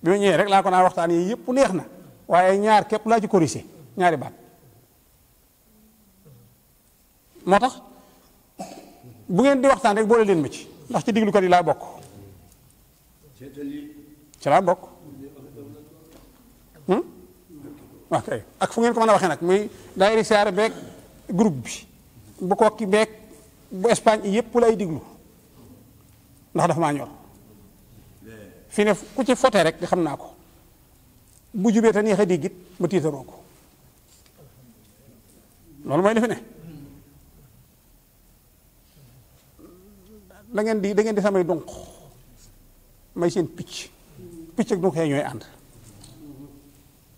Speaker 3: bi ma ñëwee rek laa ko naa waxtaan yi yëpp neex na waaye ñaar képp laa ci corrigé ñaari baat moo tax bu ngeen di waxtaan rek boole leen ma ci ndax ci diglukat yi laa bokk. ci laa bokk hmm? ok ak fu ngeen ko mën a waxee nag muy daayira siyaare beeg groupe bi bu kokki beeg bu Espagne yépp lay diglu ndax dafa maa ñor fi ne ku ci fote rek di xam naa ko bu jubee te neex a diggit ma tiitaroo ko loolu mooy li fi da ngeen di dangeen ngeen di samay donk may seen picc picc ak duxee ñooy ànd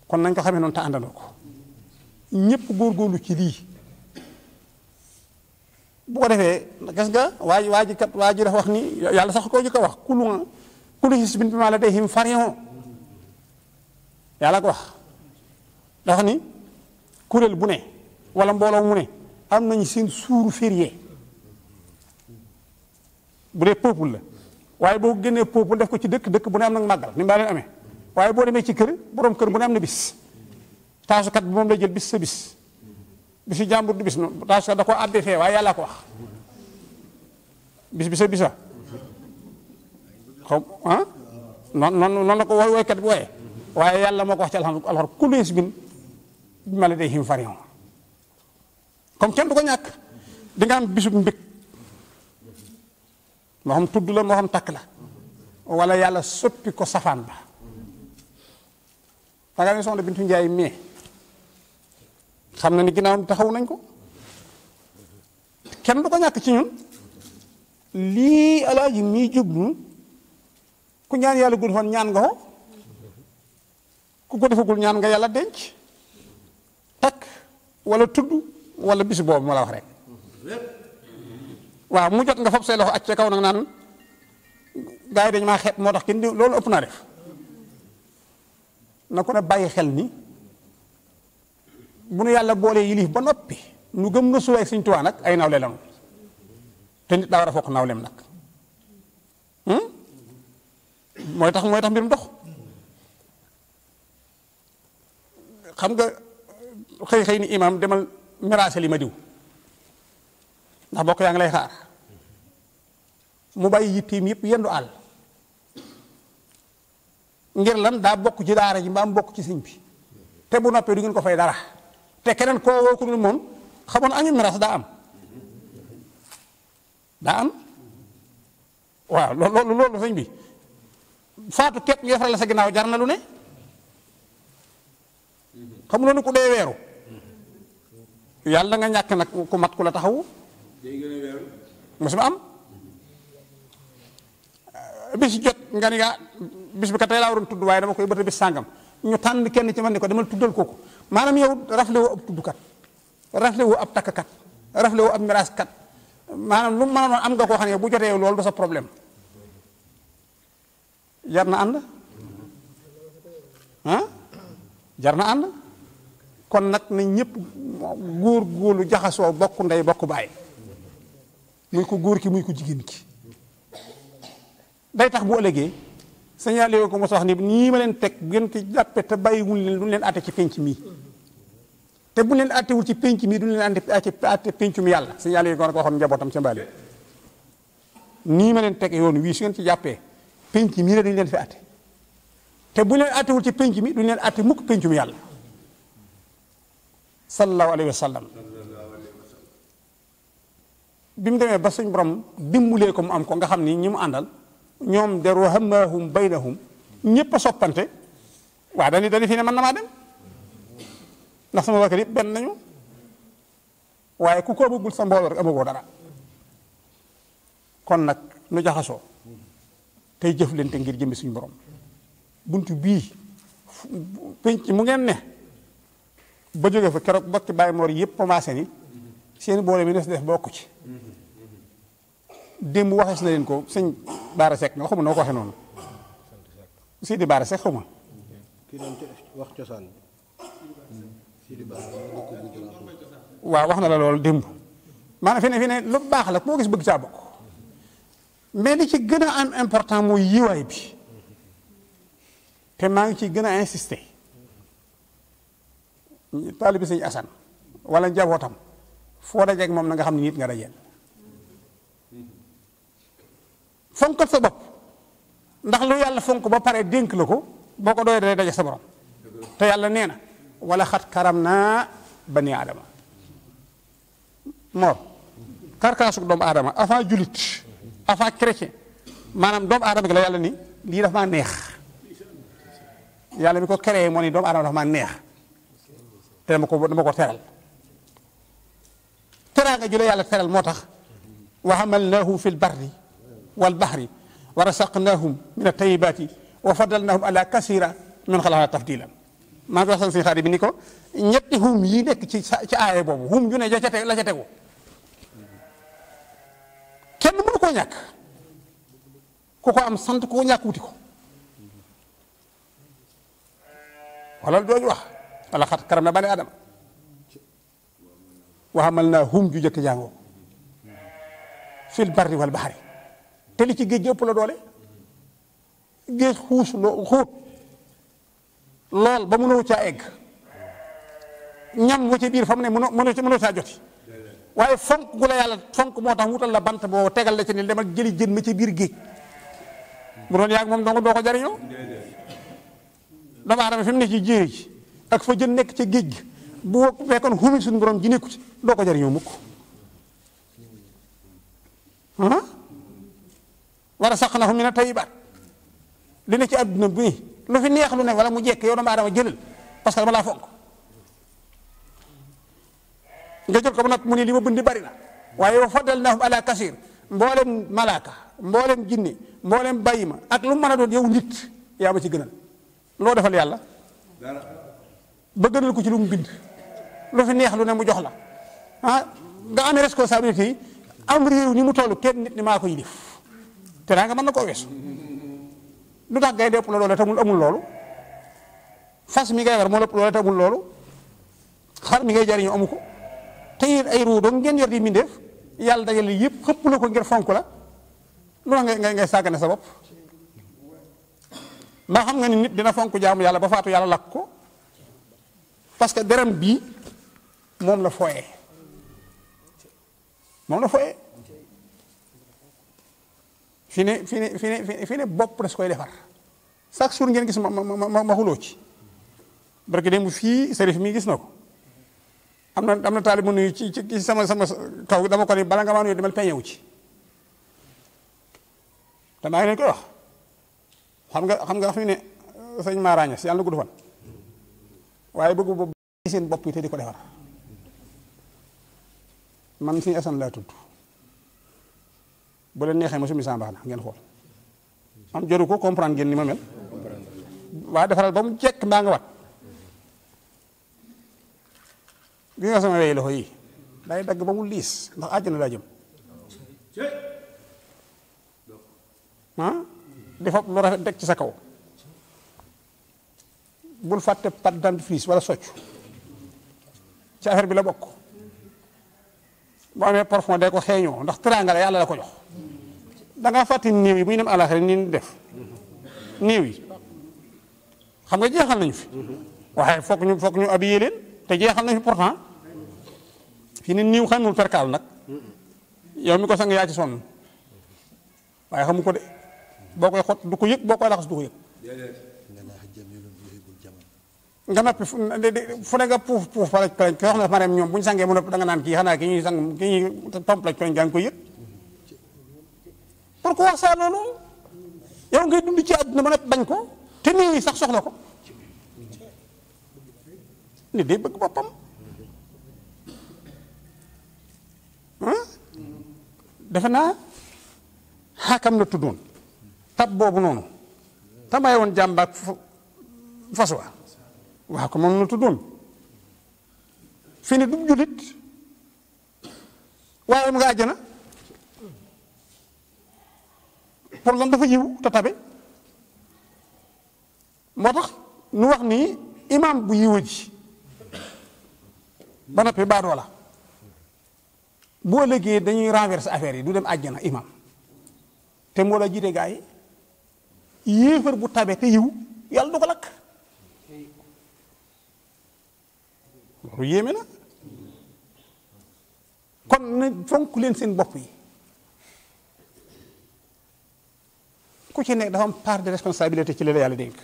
Speaker 3: kon nañ ko xamee noonu te àndandoo ko ñëpp góorgóorlu ci lii bu ko defee gis waaj waaj ji waa ji kat waa ji dafa wax ni yàlla sax koo ji ko wax kullu kullu hizbin bimaa ladayhim farihun yàlla ko wax dafa wax ni kuréel bu ne wala mbooloo mu ne am nañ seen suuru férié bu dee la waye bo guéné peuple def ko ci dëkk dëkk bu né am nak magal ni mbaa amé waye bo démé ci kër borom kër bu né am na bis kat bu mom lay jël bis sa bis bis ci jambour du bis non taasukat da ko addé fé waye yalla ko wax bis bis sa bisa xaw ah non non non la way way kat bu way waye yalla mako wax ci alhamdulilah alxar kullu isbin mala day him farion comme kenn du ko ñak di nga am bisu mbik moo xam tudd la moo xam takk la wala yàlla soppi ko safaan ba danga ne soxna Bintu Njaay mais xam na ni ginnaaw taxaw nañ ko kenn du ko ñàkk ci ñun lii alaaji mii jublu ku ñaan yàlla gul fan ñaan nga ko ku ko defagul ñaan nga yàlla denc takk wala tudd wala bis boobu ma la wax rek waaw mu jot nga fab say loxo acc ca kaw nag naan gars yi dañu maa xeeb moo tax kenn loolu ëpp naa def na ko ne bàyyi xel ni bu nu yàlla boolee yilif ba noppi nu gëm na suwaay suñ tuwaa nag ay nawle lanu te nit daa war a fokk nawlem nag hmm? mooy tax mooy tax mbirum dox xam nga xëy xëy ni imaam demal miraasel li ma diw ndax bokk yaa ngi lay xaar mu bay yittim yëpp yendu àll ngir lan daa bokk ci daara ji mbaam bokk ci siñ bi te bu noppee du ngeen ko fay dara te keneen koo woo ku dul moom xamoon añu miras daa am daa am waaw loolu loolu sëñ bi faatu képp ñu defaral sa ginnaaw jar na lu ne xamuloon ku dee weeru yàlla nga ñàkk nag ku mat ku la taxawu musuma am bis jot nga ni nga bis bi ka tey laa waroon tudd waaye dama koy bëtt bis sàngam ñu tànn kenn ci man ni ko demal tuddal kooku maanaam yow rafle woo ab tuddkat rafle woo ab takkat rafle woo ab miraaskat maanaam lu mu am nga koo xam ne bu jotee loolu du sa problème jar na ànd ah jar na ànd kon nag na ñëpp góor góorlu jaxasoo bokk ndey bokk bàyyi muy ko góor ki muy ko jigéen ki day tax boo ëllëgee signalé yoo ko mos wax ni nii ma leen teg ngeen ci jàppe te bàyyiwul leen duñ leen àtte ci penc mi te bu leen àttewul ci penc mi duñ leen àtte àtte pencum yàlla signalé yoo ko waxoon njabootam ca mbaale nii ma leen teg yoon wii su ci jàppee penc mii la duñ leen fi àtte te bu leen àttewul ci penc mi duñ leen àtte mukk pencum yàlla sallallahu alayhi wa bi mu demee ba suñ borom dimbulee ko mu am ko nga xam ni ñi mu àndal ñoom der wahamahum baynahum ñëpp a soppante waaye dañuy dañuy fi ne mën na maa dem ndax sama wakkar yëpp benn nañu waaye ku ko bëggul sa mbooloo rek amagoo dara kon nag nu jaxasoo tey jëflante ngir jëmbi suñu borom bunt bii penc mu ngeen ne ba jóge fu keroog bokki bàyyi moor yëpp commencé ni seen boole bi des def bokku ci démb waxees na leen ko sëñ Baara Seck nga xamul noo ko waxee noonu Sidi Baara Seck xamul. wax cosaan waaw wax na la loolu démb maa fi ne fi ne lu baax la koo gis bëgg caa bokk mais li ci gën a am important moo yiwaay bi te maa ngi ci gën a insisté taalibi sëñ Assane wala njabootam. foo dajeeg moom na nga xam ne nit nga dajeel fonkal sa ndax lu yàlla fonk ba pare dénk la ko boo ko doy day daje sa borom te yàlla nee na wala xat karam naa bani aadama moor karkaasug doomu aadama avant julit avant chrétien maanaam doomu aadama gi la yàlla nii lii dafa maa neex yàlla mi ko créé moo ni doomu aadama dafa maa neex te dama ko dama ko teral تراغ جلي على فعل المطخ وحملناه في البر والبحر ورزقناهم من الطيبات وفضلناهم على كثير من خلقنا تفضيلا ما تحسن سي خاري بنيكو نيتي هم يينك سي سي اي بوب هم جوني جاتا لا جاتا كو كين مون كو نياك كوكو ام سانت كو نياك ووتيكو ولا دوج واخ ولا خات كرمنا بني ادم waxamal naa hum ju jëkk jàngoo fil barri wal baxari te li ci géej gi ëpp la doole géej xuus loo xóot lool ba mënoo caa egg ñam wa ci biir fa ne mënoo mënoo caa joti waaye fonk gu la yàlla fonk moo tax wutal la bant boo tegal la ci ne demal jëli jën ma ci biir géej bu doon yaa moom dong doo ko jariñoo doomu aadama fi mu ne ci jéeri ak fa jën nekk ci géej gi bu fekkoon xumi suñu borom ji nekku ci loo ko jariñoo mukk ah war a saq na xu mi na tayibaat li ne ci àdduna bi lu fi neex lu ne wala mu jekk yow dama adama jëlal parce que dama laa fonk nga jël ko ba nag mu ne li ma bind bari na waaye wa faddalnaahum ala kasir mboolem malaaka mboolem jinne mboolem bayima ak lu mu a doon yow nit yaa ma ci gënal loo defal yàlla ba gënal ko ci lu mu bind lu fi neex lu ne mu jox la ah nga am responsabilité am rew ni mu tollu kenn nit ni maa ko té te nga man nako wess lu tax ngay depp lolu tamul amul lolu fas mi ngay war mo lepp lolu tamul lolu xar mi ngay jariñu amuko te yéen ay ru do ngeen yor di mindef yàlla dajale yépp xep lu ko ngir fonku la lu nga ngay ngay sàggane sa bop ma xam nga ni nit dina fonku jaamu yalla ba faatu yalla lakko parce que deram bi non la foye non la foye fini fini fini fini fini bop fi koy defar chaque jour ngeen gis ma ma ma ma xuloo ci barke dem fi serif mi gis nako amna amna talib mu nuyu ci ci sama sama kaw dama ko ni bala nga ma nuyu demal peñew ci dama ngay ko wax xam nga xam nga xam ni seigne maragne ci yalla gudu fan waaye bëgg boobu seen bop yi te diko defar. man suñu asan laa tudd bu leen neexee ma sumi saa mbaax na ngeen xool am joru ko comprendre ngeen ni ma mel waaye defaral ba mu jekk mbaa nga wat gi nga sama wey loxo yi day dagg ba mu liis ndax àjjana laa jëm ah di rafet teg ci sa kaw bul fàtte pat dentifrice wala socc ci affaire bi la bokk boo amee parfum day ko xeeñoo ndax teraanga la yàlla la ko jox da ngaa fàttali yi bu ñu dem àllaaxira nii def néew yi xam nga jeexal nañu fi waaye foog ñu foog ñu abiyee te jeexal nañu fi pourtant fii nii néew xamul perkaal nag yow mi ko sang yaa sonn waaye xamu de boo koy xot du ko yëg boo koy laxas du ko yëg. nga noppi fu ne nga puuf puuf palaj palaj ko wax na maanaam ñoom bu ñu mu noppi da nga naan kii xanaa ki ñuy sang ki ñuy pomp palaj palaj gaa ngi koy yëg pourquoi ça loolu yow ngay dund ci àdduna ba noppi bañ ko te nii sax soxla ko nit day bëgg boppam defe naa xaakam la tuddoon tab boobu noonu tamaye woon jàmbaak fas waaw ko moom la tuddoon fi ne du julit waaye mu nga àjjana pour lan dafa yiw te tabe moo tax nu wax nii imaam bu yiwa ji ba noppi baadoo la boo léegi dañuy renverser affaire yi du dem àjjana imaam te moo la jiite gaa yi yéefar bu tabe te yiw yàlla du lakk lu yéeme na kon na fonk leen seen bopp yi ku ci nekk dafa am part de responsabilité ci li la yàlla dénk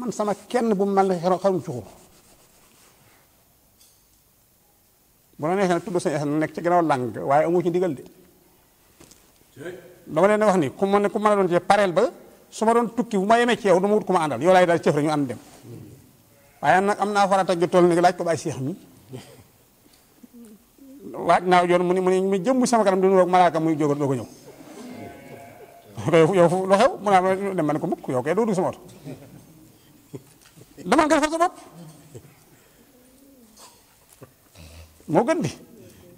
Speaker 3: man sama kenn bu mal ne xarum cuxur bu la neexee nag tudd sañ nekk ci gannaaw làng waaye amoo ci ndigal de dama leen wax ni ku mën ku ma a doon ci pareel ba su ma doon tukki bu ma yemee ci yow du ma wut ku ma àndal yow laay daal cëf rek ñu ànd dem waye nak amna farata ju tol ni laj ko bay cheikh mi waaj na yon muni muni mi jëm sama kanam du nuroog malaka muy jóg do ko ñew yow lo xew mu na dem man ko mukk yow kay do du sama oto dama nga farata bop mo gën bi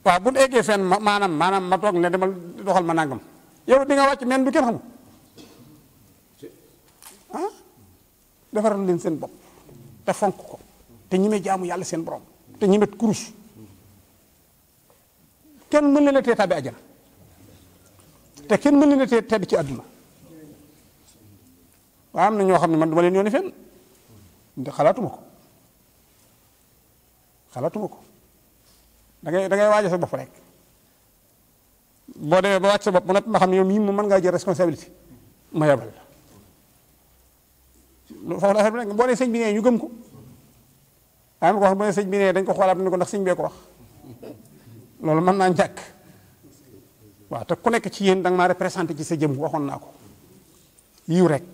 Speaker 3: wa bu eggee fen manam manam ma tok ne demal doxal ma nangam yow di nga wacc men du kenn xam ah defaral len sen bop te fonk ko te ñime jaamu yàlla seen borom te ñimet kurus kenn mën leen a tee tàbbi te kenn mën leen a ci àdduna waaye am na ñoo xam ne man duma leen yooni fenn xalaatuma ko xalaatuma ko da dangay da ngay waaja sa bopp rek boo demee ba waaj sa bopp ba noppi ma xam ne yow mii moom mën ngaa jël responsabilité ma yabal la foofu la affaire bi nekk boo nee sëñ bi nee ñu gëm ko am ko sëñ bi dañ ko xoolaat ne ko ndax sëñ bee wax loolu mën naa njàkk waaw te ku nekk ci yéen danga ma maa représenté ci sa jëm waxoon naa ko yiw rek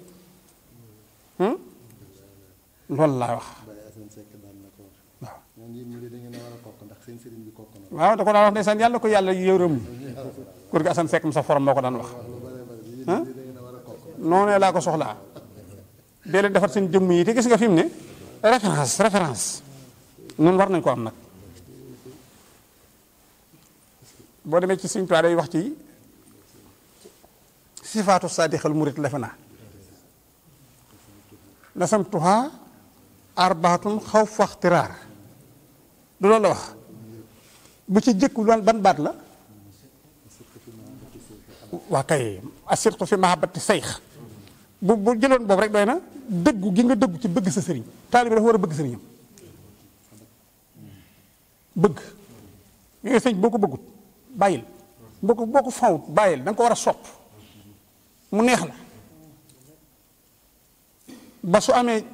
Speaker 3: hmm? loolu laa wax
Speaker 1: waaw da ko daan wax ndeysaan yàlla ko yàlla yërëm
Speaker 3: góor gi Assane Seck mu sa forom moo ko daan wax hmm? noonee laa ko soxla dee leen defar seen jëmm yi te gis nga fi mu ne référence référence noonu war nañ ko am nag boo demee ci Sëñ Tuubaa day wax ci sifaatu saadixal murit la fa naa nasam tuha arbaatun xaw faxtiraar du loolu la wax bu ci jëkk lan ban baat la waa kay asirtu fi mahabbati sayx bu bu jëloon boobu rek doy na dëggu gi nga dëggu ci bëgg sa sëriñ taalibe dafa war a bëgg sëriñam bëgg yooyu sëñ boo ko bëggut bàyyil boo ko fawut bàyyil da ko war a sopp mu neex la ba su amee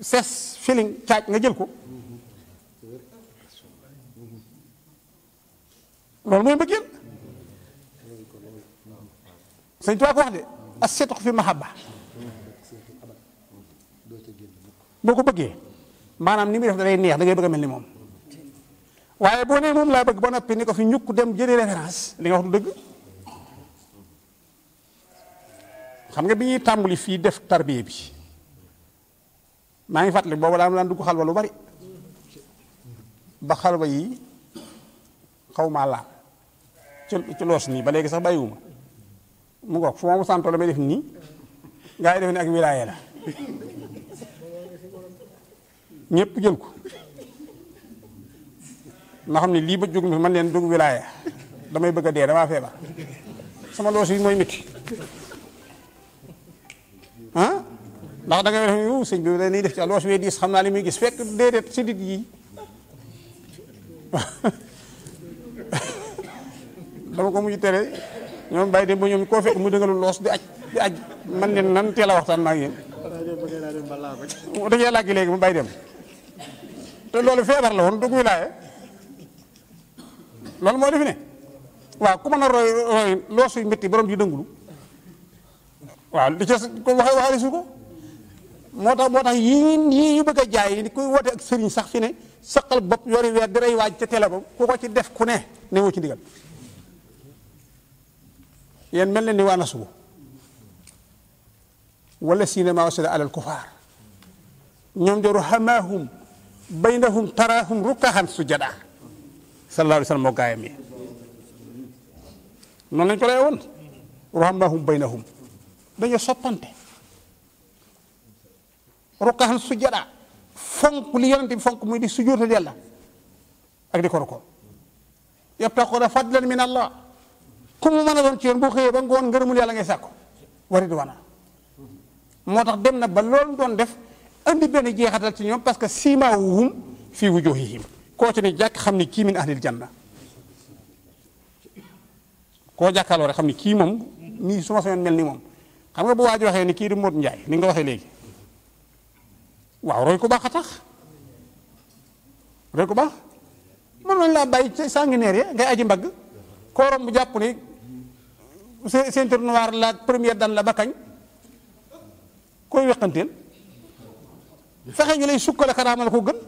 Speaker 3: ses feeling caaj nga jël ko loolu mooy mbëggeel sëñ Tuubaa ko wax de as fi mahabba boko ko manam ni mi def da lay neex da ngay eh, bëgg melni mom waye bo né mom la bëgg ba noppi ni ko fi ñuk dem jëri référence li nga wax du dëgg xam nga biñuy tambuli fi def tarbiyé bi ma ngi fatlé fàttali boobu daan daan dugg xalwa lu bari ba xalwa yi xawma la ci ci loos ni ba légui sax bayiwuma mu ngoog fu mo mu santoo may def ni gaa def ni ak wilaya la ñepp jël ko na xamni li ba jog na man len dug wilaya damay bëgg dé dama fébar sama loos yi mooy métti ah ndax da nga wax yow señ bi dañuy def ci loos wé dis xamna limuy gis fekk déedéet ci dit yi dama ko muy téré ñom bay dem ba ñoom koo fekk mu dëngalu loos di aj di aj man len nan teel a waxtaan maa ngi yéen. dajee laaj léegi mu bàyyi dem. te loolu feebar la woon dug wilaaye loolu moo defi ne waaw ku mën a roy roy loo suy métti borom di dëngulu waaw li ci ko ko moo tax moo tax yii yii ñu bëgg a jaay ni kuy woote ak sëriñ sax fi ne saqal bopp yori weer di rey waaj ca télé ba ku ko ci def ku ne ne woo ci ndigal yéen mel na ni waa nasubu wala sinema wasala alal kufaar ñoom jaru xamaahum baynahum taraahum rukkahan sujada sallallahu alayhi wa sallam moo gaayam yi noonu lañ ko lay woon ruhamahum baynahum dañoo soppante rukkahan sujada fonk li yonente bi fonk muy di sujjóotal yàlla ak di ko rukkoo yabtaquuna fadlan min allah ku mu mën a doon ci yoon boo xëyee ba ngoon ngërëmul yàlla ngay sàkko waridwana moo tax dem na ba loolu doon def andi ben jeexatal ci ñom parce que sima simawuhum fi wujuhihim ko ci ne jak xamni ki min ahli janna ko jàkkaloo rek xamni ki mom ni suma su melni mom xam nga bu waji waxe ni ki di mod njaay ni nga waxe legi waaw roy ko baax a tax roy ku baax mën nañ laa bàyyi ca sanguinaire ya ngay aji mbag ko rom bu japp ni ceinture noire la première dan la bakagne koy weqanteel fexe ñu lay sukkale xaraamal koo gën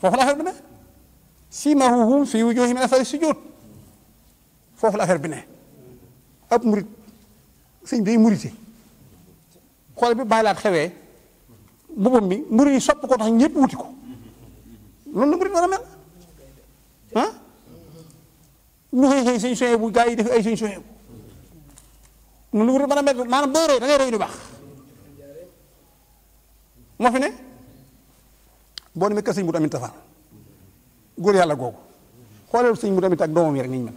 Speaker 3: foofu la affaire bi ne siimahuhum fi wujuuhihim min asari sujuud foofu la affaire bi ne ab murit sëñ day murite xool bi bàyyi laat xewee boppam mi murit yi sopp ko tax ñëpp wuti ko loolu murit war a mel ah ñu xëy xëy sëñ soyebu gaa yi def ay sëñ soyebu noonu la murit mën a mel maanaam boo roy da roy lu baax moo fi ne boo demee kër sëñ Modou Aminta Fall góor yàlla googu xoolal sëñ Modou Aminta ak doomam yi rek niñ mel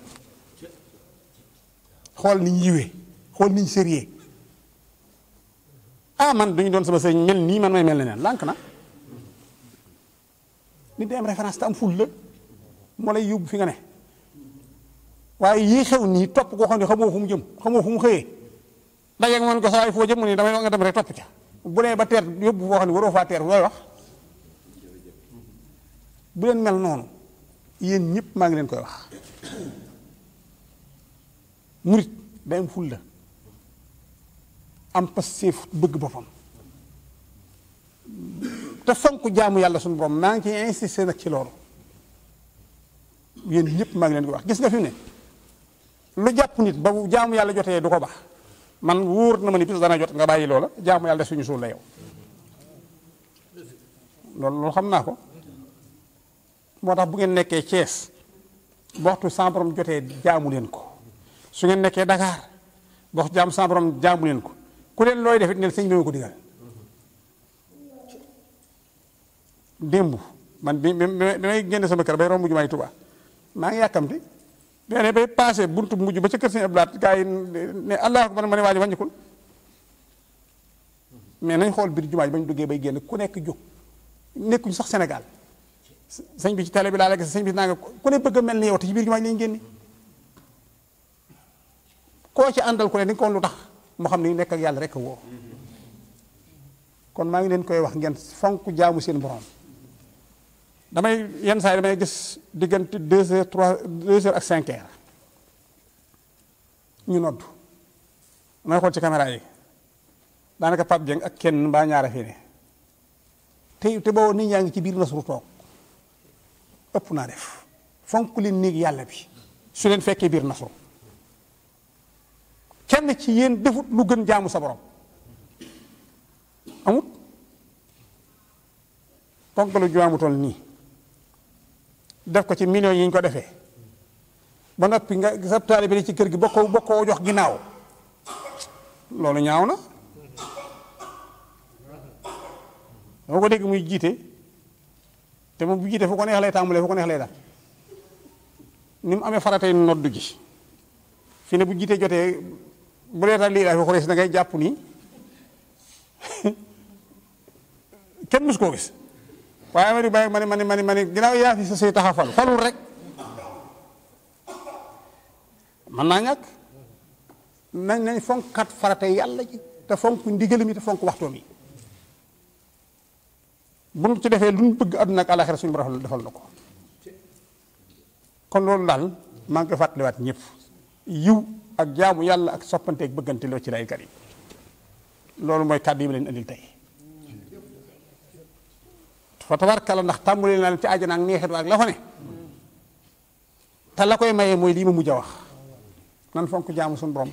Speaker 3: xool niñ ñu yiwee xool niñ ñu sérieux ah man duñu doon sama sëñ mel nii man may mel ne neen lànk na nit day am référence te am ful la moo lay yóbbu fi nga ne waaye yii xew nii topp koo xam ne xamoo fu mu jëm xamoo fu mu xëyee dajeeg man ko saa yi foo jëm mu ne damay nga dem rek topp ca bu dee ba teer yóbbu foo xam ne waroo faa teer looy wax bu leen mel noonu yéen ñëpp maa ngi leen koy wax murit day am fulla am passeef bëgg boppam te fonk jaamu yàlla suñ borom maa ngi ci insisté nag ci loolu yéen ñëpp maa ngi leen koy wax gis nga fi ne lu jàpp nit ba bu jaamu yàlla jotee du ko baax man wóor na ma ni bis dana jot nga bàyyi loola jaamu yàlla def suñu suul la yow loolu loolu xam naa ko moo tax bu ngeen nekkee Thiès waxtu sa borom jotee jaamu leen ko su ngeen nekkee Dakar wax jaam sa borom jaamu leen ko ku leen looy def it neen sëñ bi ma ko digal démb man bi bi may génn sama kër bay romb jumaay Tuubaa maa ngi yàkkamti bi nga ne bunt passé buntu mujj ba ca kër Sëñ Abdou Lahad gaa yi ne allah akbar ma ne waa ji wàññikul mais nañ xool biir jumaa bañ duggee bay génn ku nekk jóg nekkuñ sax senegal sëñ bi ci télé bi laa la gis sëñ bi naa nga ko ne bëgg a mel ni yow te ci biir jumaa ji lañ génni koo ci àndal ko ne di nga ko lu tax mu xam ni nekk ak yàlla rek woo kon maa ngi leen koy wax ngeen fonk jaamu seen borom. damay yenn saa yi damay gis diggante deux heures trois heures ak cinq heures ñu nodd damay xool ci caméra yi daanaka Pape Dieng ak kenn baa ñaara fii ne te te boobu nit ñaa ngi ci biir nasru toog ëpp naa def fonk leen néeg yàlla bi su leen fekkee biir nasru kenn ci yéen defut lu gën jaamu sa borom amut ponk lu jaamu nii def ko ci millions yi ñu ko defee ba noppi nga sab bi bi ci kër gi bokkoo bokkoo jox ginnaaw loolu ñaaw na dama ko dégg muy jiite te bu jiite fu ko neex lay tàmbalee fu ko neex lay daal ni mu amee faratay noddu gi fi ne bu jiite jotee bu dee daal lii daal fi xores da ngay jàpp ni kenn mus koo gis waaye ma ne bàyyi ma ne ma ne ma ne ma ne ginnaaw sa say tax a falu falul rek mën naa ñàkk nañ nañ fonkat farata yàlla ji te fonk ndigal mi te fonk waxtoom yi bu ñu ci defee lu ñu bëgg àdduna ak àlaxira suñu borom defal na ko kon loolu daal maa ngi koy fàttaliwaat ñëpp yiw ak jaamu yàlla ak soppanteek bëggante loo ci lay kar yi loolu mooy kàddu yi ma leen indil tey fa tabarkalla ndax tàmbali na leen ci àjjana ak neexit waak la fa la koy maye mooy lii ma mujj a wax nan fonk jaamu suñu borom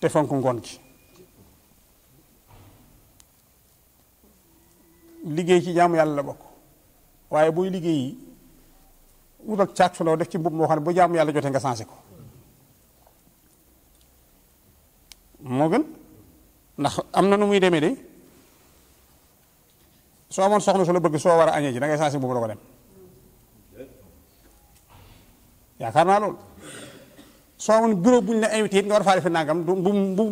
Speaker 3: te fonk ngoon ci liggéey ci jaamu yàlla la bokk waaye buy liggéey wut ak caag su ndaw def ci mbubb moo xam ne bu jaamu yàlla jote nga sensé ko moo gën ndax am na nu muy deme de soo amoon soxna su la bëgg soo war a añee ji da ngay sensibiliser boobu la ko dem yaakaar naa loolu soo amoon bureau bu ñu ne invité it nga war a faa defee nangam du bu bu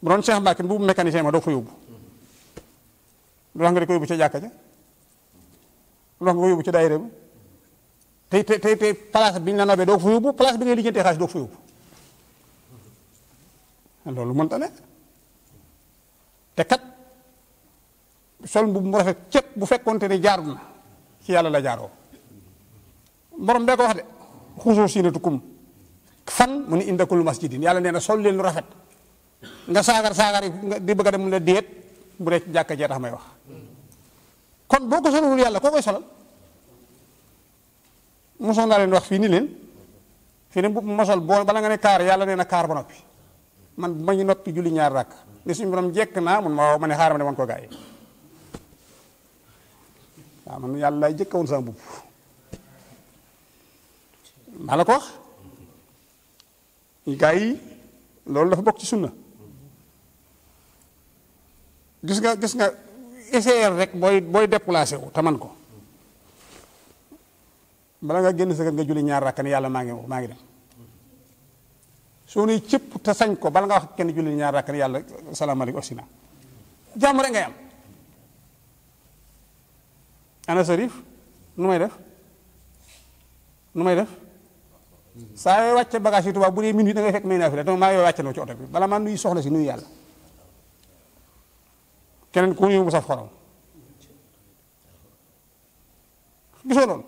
Speaker 3: bu doon Cheikh Mbacke bu mécanicien ma doo ko yóbbu lu tax nga di ko yóbbu tax bi la nobee doo ko fa yóbbu bi ngay lijjantee loolu mënta ne te kat. sol bu mu rafet cëpp bu fekkonte ne jaar na ci yàlla la jaaroo morom be ko wax de sinatukum fan mu inda masjidin yàlla nee na sol leen lu rafet nga saagar saagar di bëgg dem la déet bu rek jàkka tax may wax kon boko solul yàlla ko koy solal mosoon naa leen wax fii ni leen fii ne bu ma sol bo bala nga ne kaar yàlla nee na kaar ba man bañu ñu noppi julli ñaar rakk ni suñu borom jekk naa mun ma wax ma ne xaaral ma wan ko waaw man yàlla laay jëkkawoon sama bopp maa la ko wax gaa yi loolu dafa bokk ci sunna gis nga gis nga essayer rek booy booy déplacé wu te man ko bala nga génn sa kër nga julli ñaar rakk ne yàlla maa ngi maa ngi dem soo ne cëpp te sañ ko bala nga wax kenn julli ñaar rakk ne yàlla salaamaaleykum asina jàmm rek ngay am ana Serif nu may def nu may def saa yooyu wàcce bagage yi tubaab bu dee minuit da ngay fekk may naa fi la te maa yooyu wàcce na ci oto bi bala maa nuyu soxla si nuyu yàlla keneen ku nuyu mu xorom gisoo loolu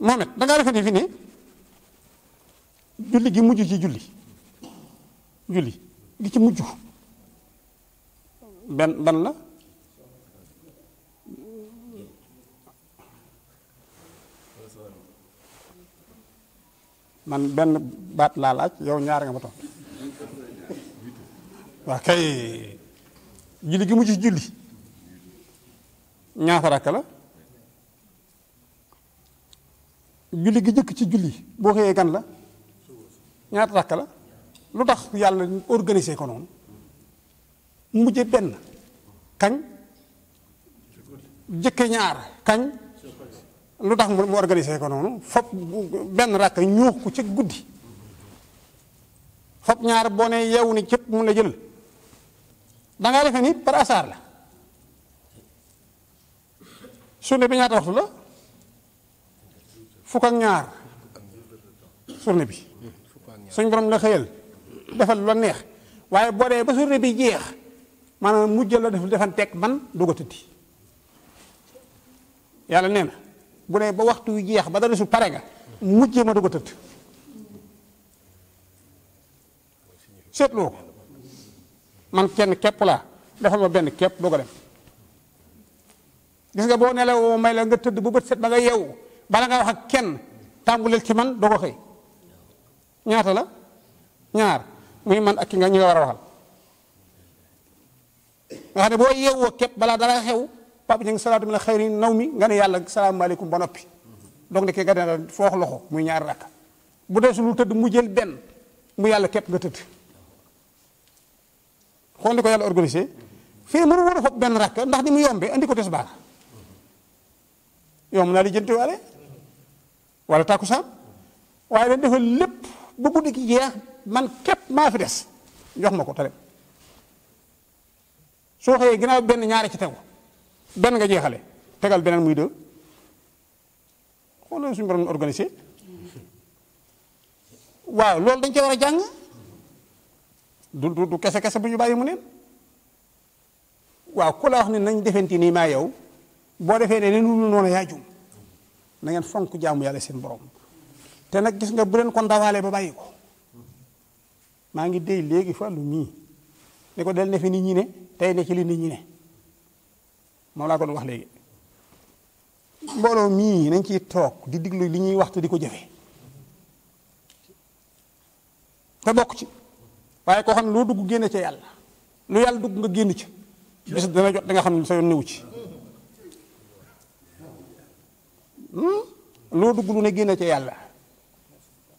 Speaker 3: Mohamed da ngaa rafetee fi ne julli gi mujj ci julli julli gi ci mujj benn ban la. man benn baat laa laaj yow ñaar nga ma tontu waa kay julli gi mu ci julli ñaata rakk la julli gi jëkk ci julli boo xëyee gan la ñaata rakk la lu tax yàlla organiser ko noonu mujje benn kañ jëkke ñaar kañ lu tax mu organisé ko noonu fop ben rakk ñuux ko ci guddi fop ñaar boo ne yeewu ni cëpp mun la jël da ngaa defe ni par hasard la journée bi ñaata waxtu la fukk ak ñaar journée bi suñ borom la xëyal bi jeex la def defan teg man dugg a tëddi bu ne ba waxtu yu jeex ba dara su pare nga mujjee ma dugg a tëdd seetloo ko man kenn képp laa defal ma benn képp doo ko dem gis nga boo nelawoo may la nga tëdd bu bët set ba nga yeewu bala nga wax ak kenn tàmbuleel ci man doo ko xëy ñaata la ñaar muy man ak ki nga ñi nga war a waxal nga xam ne boo yeewoo képp balaa dara xew Pape Dieng salaatu mina xayri naw mi nga ne yàlla salaamaaleykum ba noppi donc ne ke nga ne foo wax loxo muy ñaari rakk bu dee su lu tëdd mu jël benn mu yàlla képp nga tëdd xool ni ko yàlla organisé fii mënu woon a foog benn rakk ndax di mu yombee andi ko tisbaar yomb naa li jëntiwaale wala takkusaan waaye dañ defal lépp bu guddi gi jeex man képp maa fi des jox ma ko talem soo xëyee ginnaaw benn ñaari ci tegu ben nga jeexale tegal benen muy deux xoolal suñu borom organisé waaw loolu dañ ci wara jang du du du kese kese bu mu neen waaw ku la wax ni nañ defenti ni ma yow boo defee ni nenu nono ya jum na ngeen fonku jaamu yalla seen borom te nak gis nga bu len ko ndawaale ba ko ngi dey léegi fàllu mi ne ko del ne fi nit ñi ne tay ne ci li nit ñi ne moom laa ko doon wax léegi mbooloo mii nañ ciy toog di diglu li ñuy waxtu di ko jëfee te bokk ci waaye koo xam ne loo dugg génne ca yàlla lu yàlla dugg nga génn ci bis dana jot da xam ne sa yoon newu hmm? dugg lu ne génne ca yàlla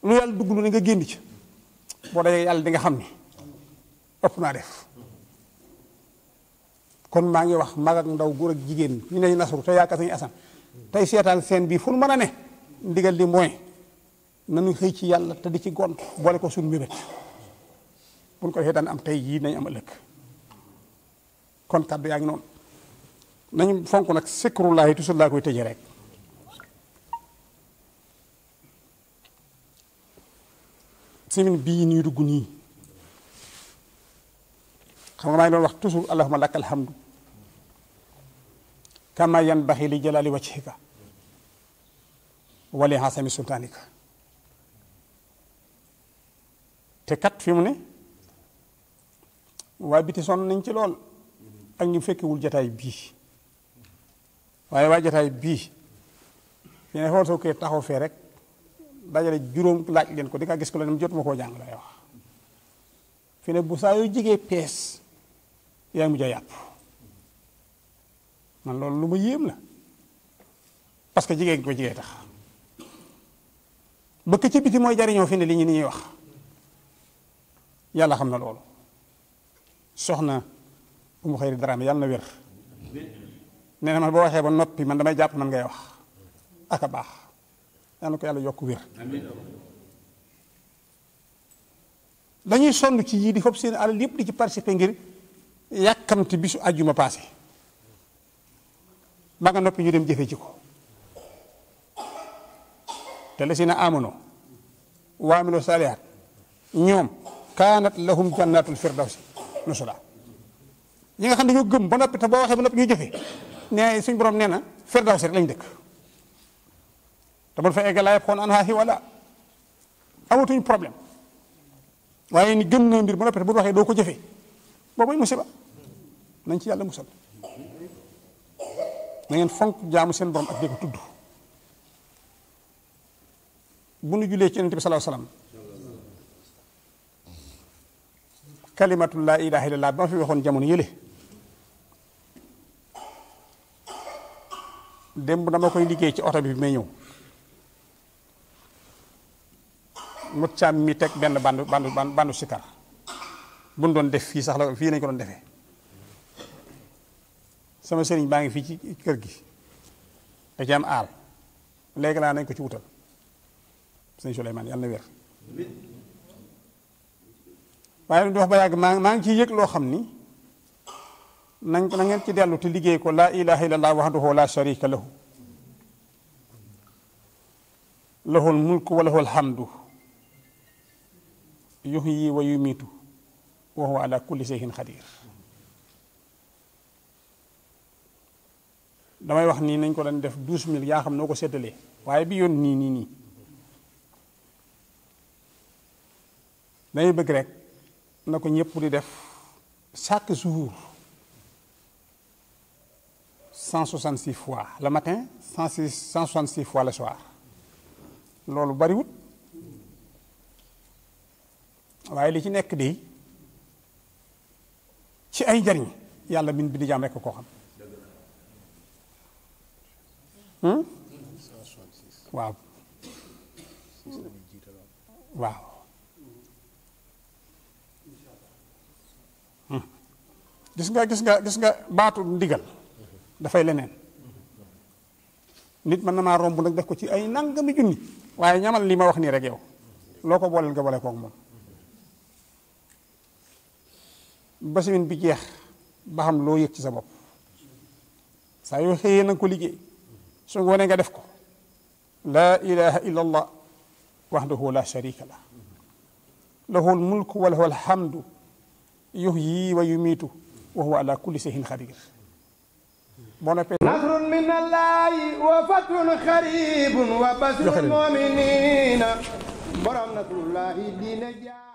Speaker 3: lu yàlla dugg lu ne nga génn ci boo dajee yàlla di nga xam ni ëpp naa def kon maa ngi wax mag ndaw góor ak jigéen ñu ne nasru te yaakaar sañu asan tey seetaan seen bii fu nu mën a ne ndigal li mooy nañu xëy ci yàlla te di ci gont boole ko suñu mébét buñ ko seetaan am tey jii nañ am ëllëg kon kàddu yaa ngi noonu nañu fonk nag sikrullaahi toujours laa koy tëjee rek simin bii ñuy dugg nii xam nga maa ngi doon wax toujours allahumma laka alhamdu kama yanbaxi li jalali wajhika wali asami sultanika te kat fi mu ni waa biti sonn nañ ci lool ak ñu fekkewul jataay bii waaye waa jataay bii fi ne xool soo kee taxaw fee rek dajale juróom laaj leen ko di nga gis ko la dem jot ma koo jàng lay wax fi ne bu saa yoo jigee pees yaa ngi mujj yàpp man loolu lu ma yéem la parce que jigéen ko jigéen tax bëkk ci biti mooy jariñoo fi ne li ñu ni ñuy wax yàlla xam na loolu soxna bu mu xëyri daraam yàlla na wér nee na man boo waxee ba noppi man damay jàpp man ngay wax ak a baax yàlla ko yàlla yokk wér dañuy sonn ci yii di fopp seen alal yépp di ci participer ngir yàkkamti bisu àjjuma paase ma noppi ñu dem jëfe ji ko te la si na amono waamilo saaliyaat ñoom kaanat lahum jannatul firdawsi nusula ñi nga xam ne dañoo gëm ba noppi te boo waxee ba noppi ñuy jëfe nee suñ borom nee na firdawsi rek lañ dëkk te bu fa egg laa yëpp xoon an xaaxi wala amatuñ problème waaye ni gëm na mbir ba noppi te bu waxee doo ko jëfe boobu mooy musiba nañ ci yàlla musal na ngeen fonk jaamu seen borom ak di ko tudd bu nu jullee ci yonent bi salaahu salaam kalimatu laa ilaha illallah ba ma fi waxoon jamono yële démb dama koy liggéey ci oto bi bi may ñëw mut caam mi teg benn bandu bandu bandu sikar buñ doon def fii sax la fii nañ ko doon defee sama sëriñ baa ngi fii ci kër gi da ci am aal léegi laa nañ ko ci wutal sëñ Souleymane yàlla na wér waaye du wax ba yàgg maa maa ngi ciy yëg loo xam ni nan na ngeen ci dellu ti liggéey ko laa ilaha wax wahdahu laa sharika lahu lahul mulku wa lahul hamdu yuhyi wa wa huwa ala kulli shay'in xadir damay wax nii nañ ko daan def douze mille yaa xam noo ko seddalee waaye bi yoon nii nii nii dañuy bëgg rek na ko ñëpp di def chaque jour cent soixante six fois la matin cent six cent soixante six fois le soir loolu bariwut waaye li ci nekk di ci ay njariñ yàlla min bindi wow, rek ko xam hmm? waaw waaw hmm. gis nga gis nga gis nga baatu ndigal dafay leneen nit mën na maa romb nag def ko ci ay nangami junni waaye ñamal li ma wax nii rek yow loo ko nga koog moom ba semaine bi jeex ba xam loo yëg ci sa bopp saa yoo xëyee na nga ko liggéey su ngoonee nga def ko laa ilaha illa allah wahdahu la sharika lah lahu almulku wa lahu alhamdu yuhyi wa yumiitu wa huwa ala kulli shay'in qadir boo noppee nasrun min allahi wa fathun
Speaker 1: qaribun wa basiril muminina borom nasrullahi diine jaa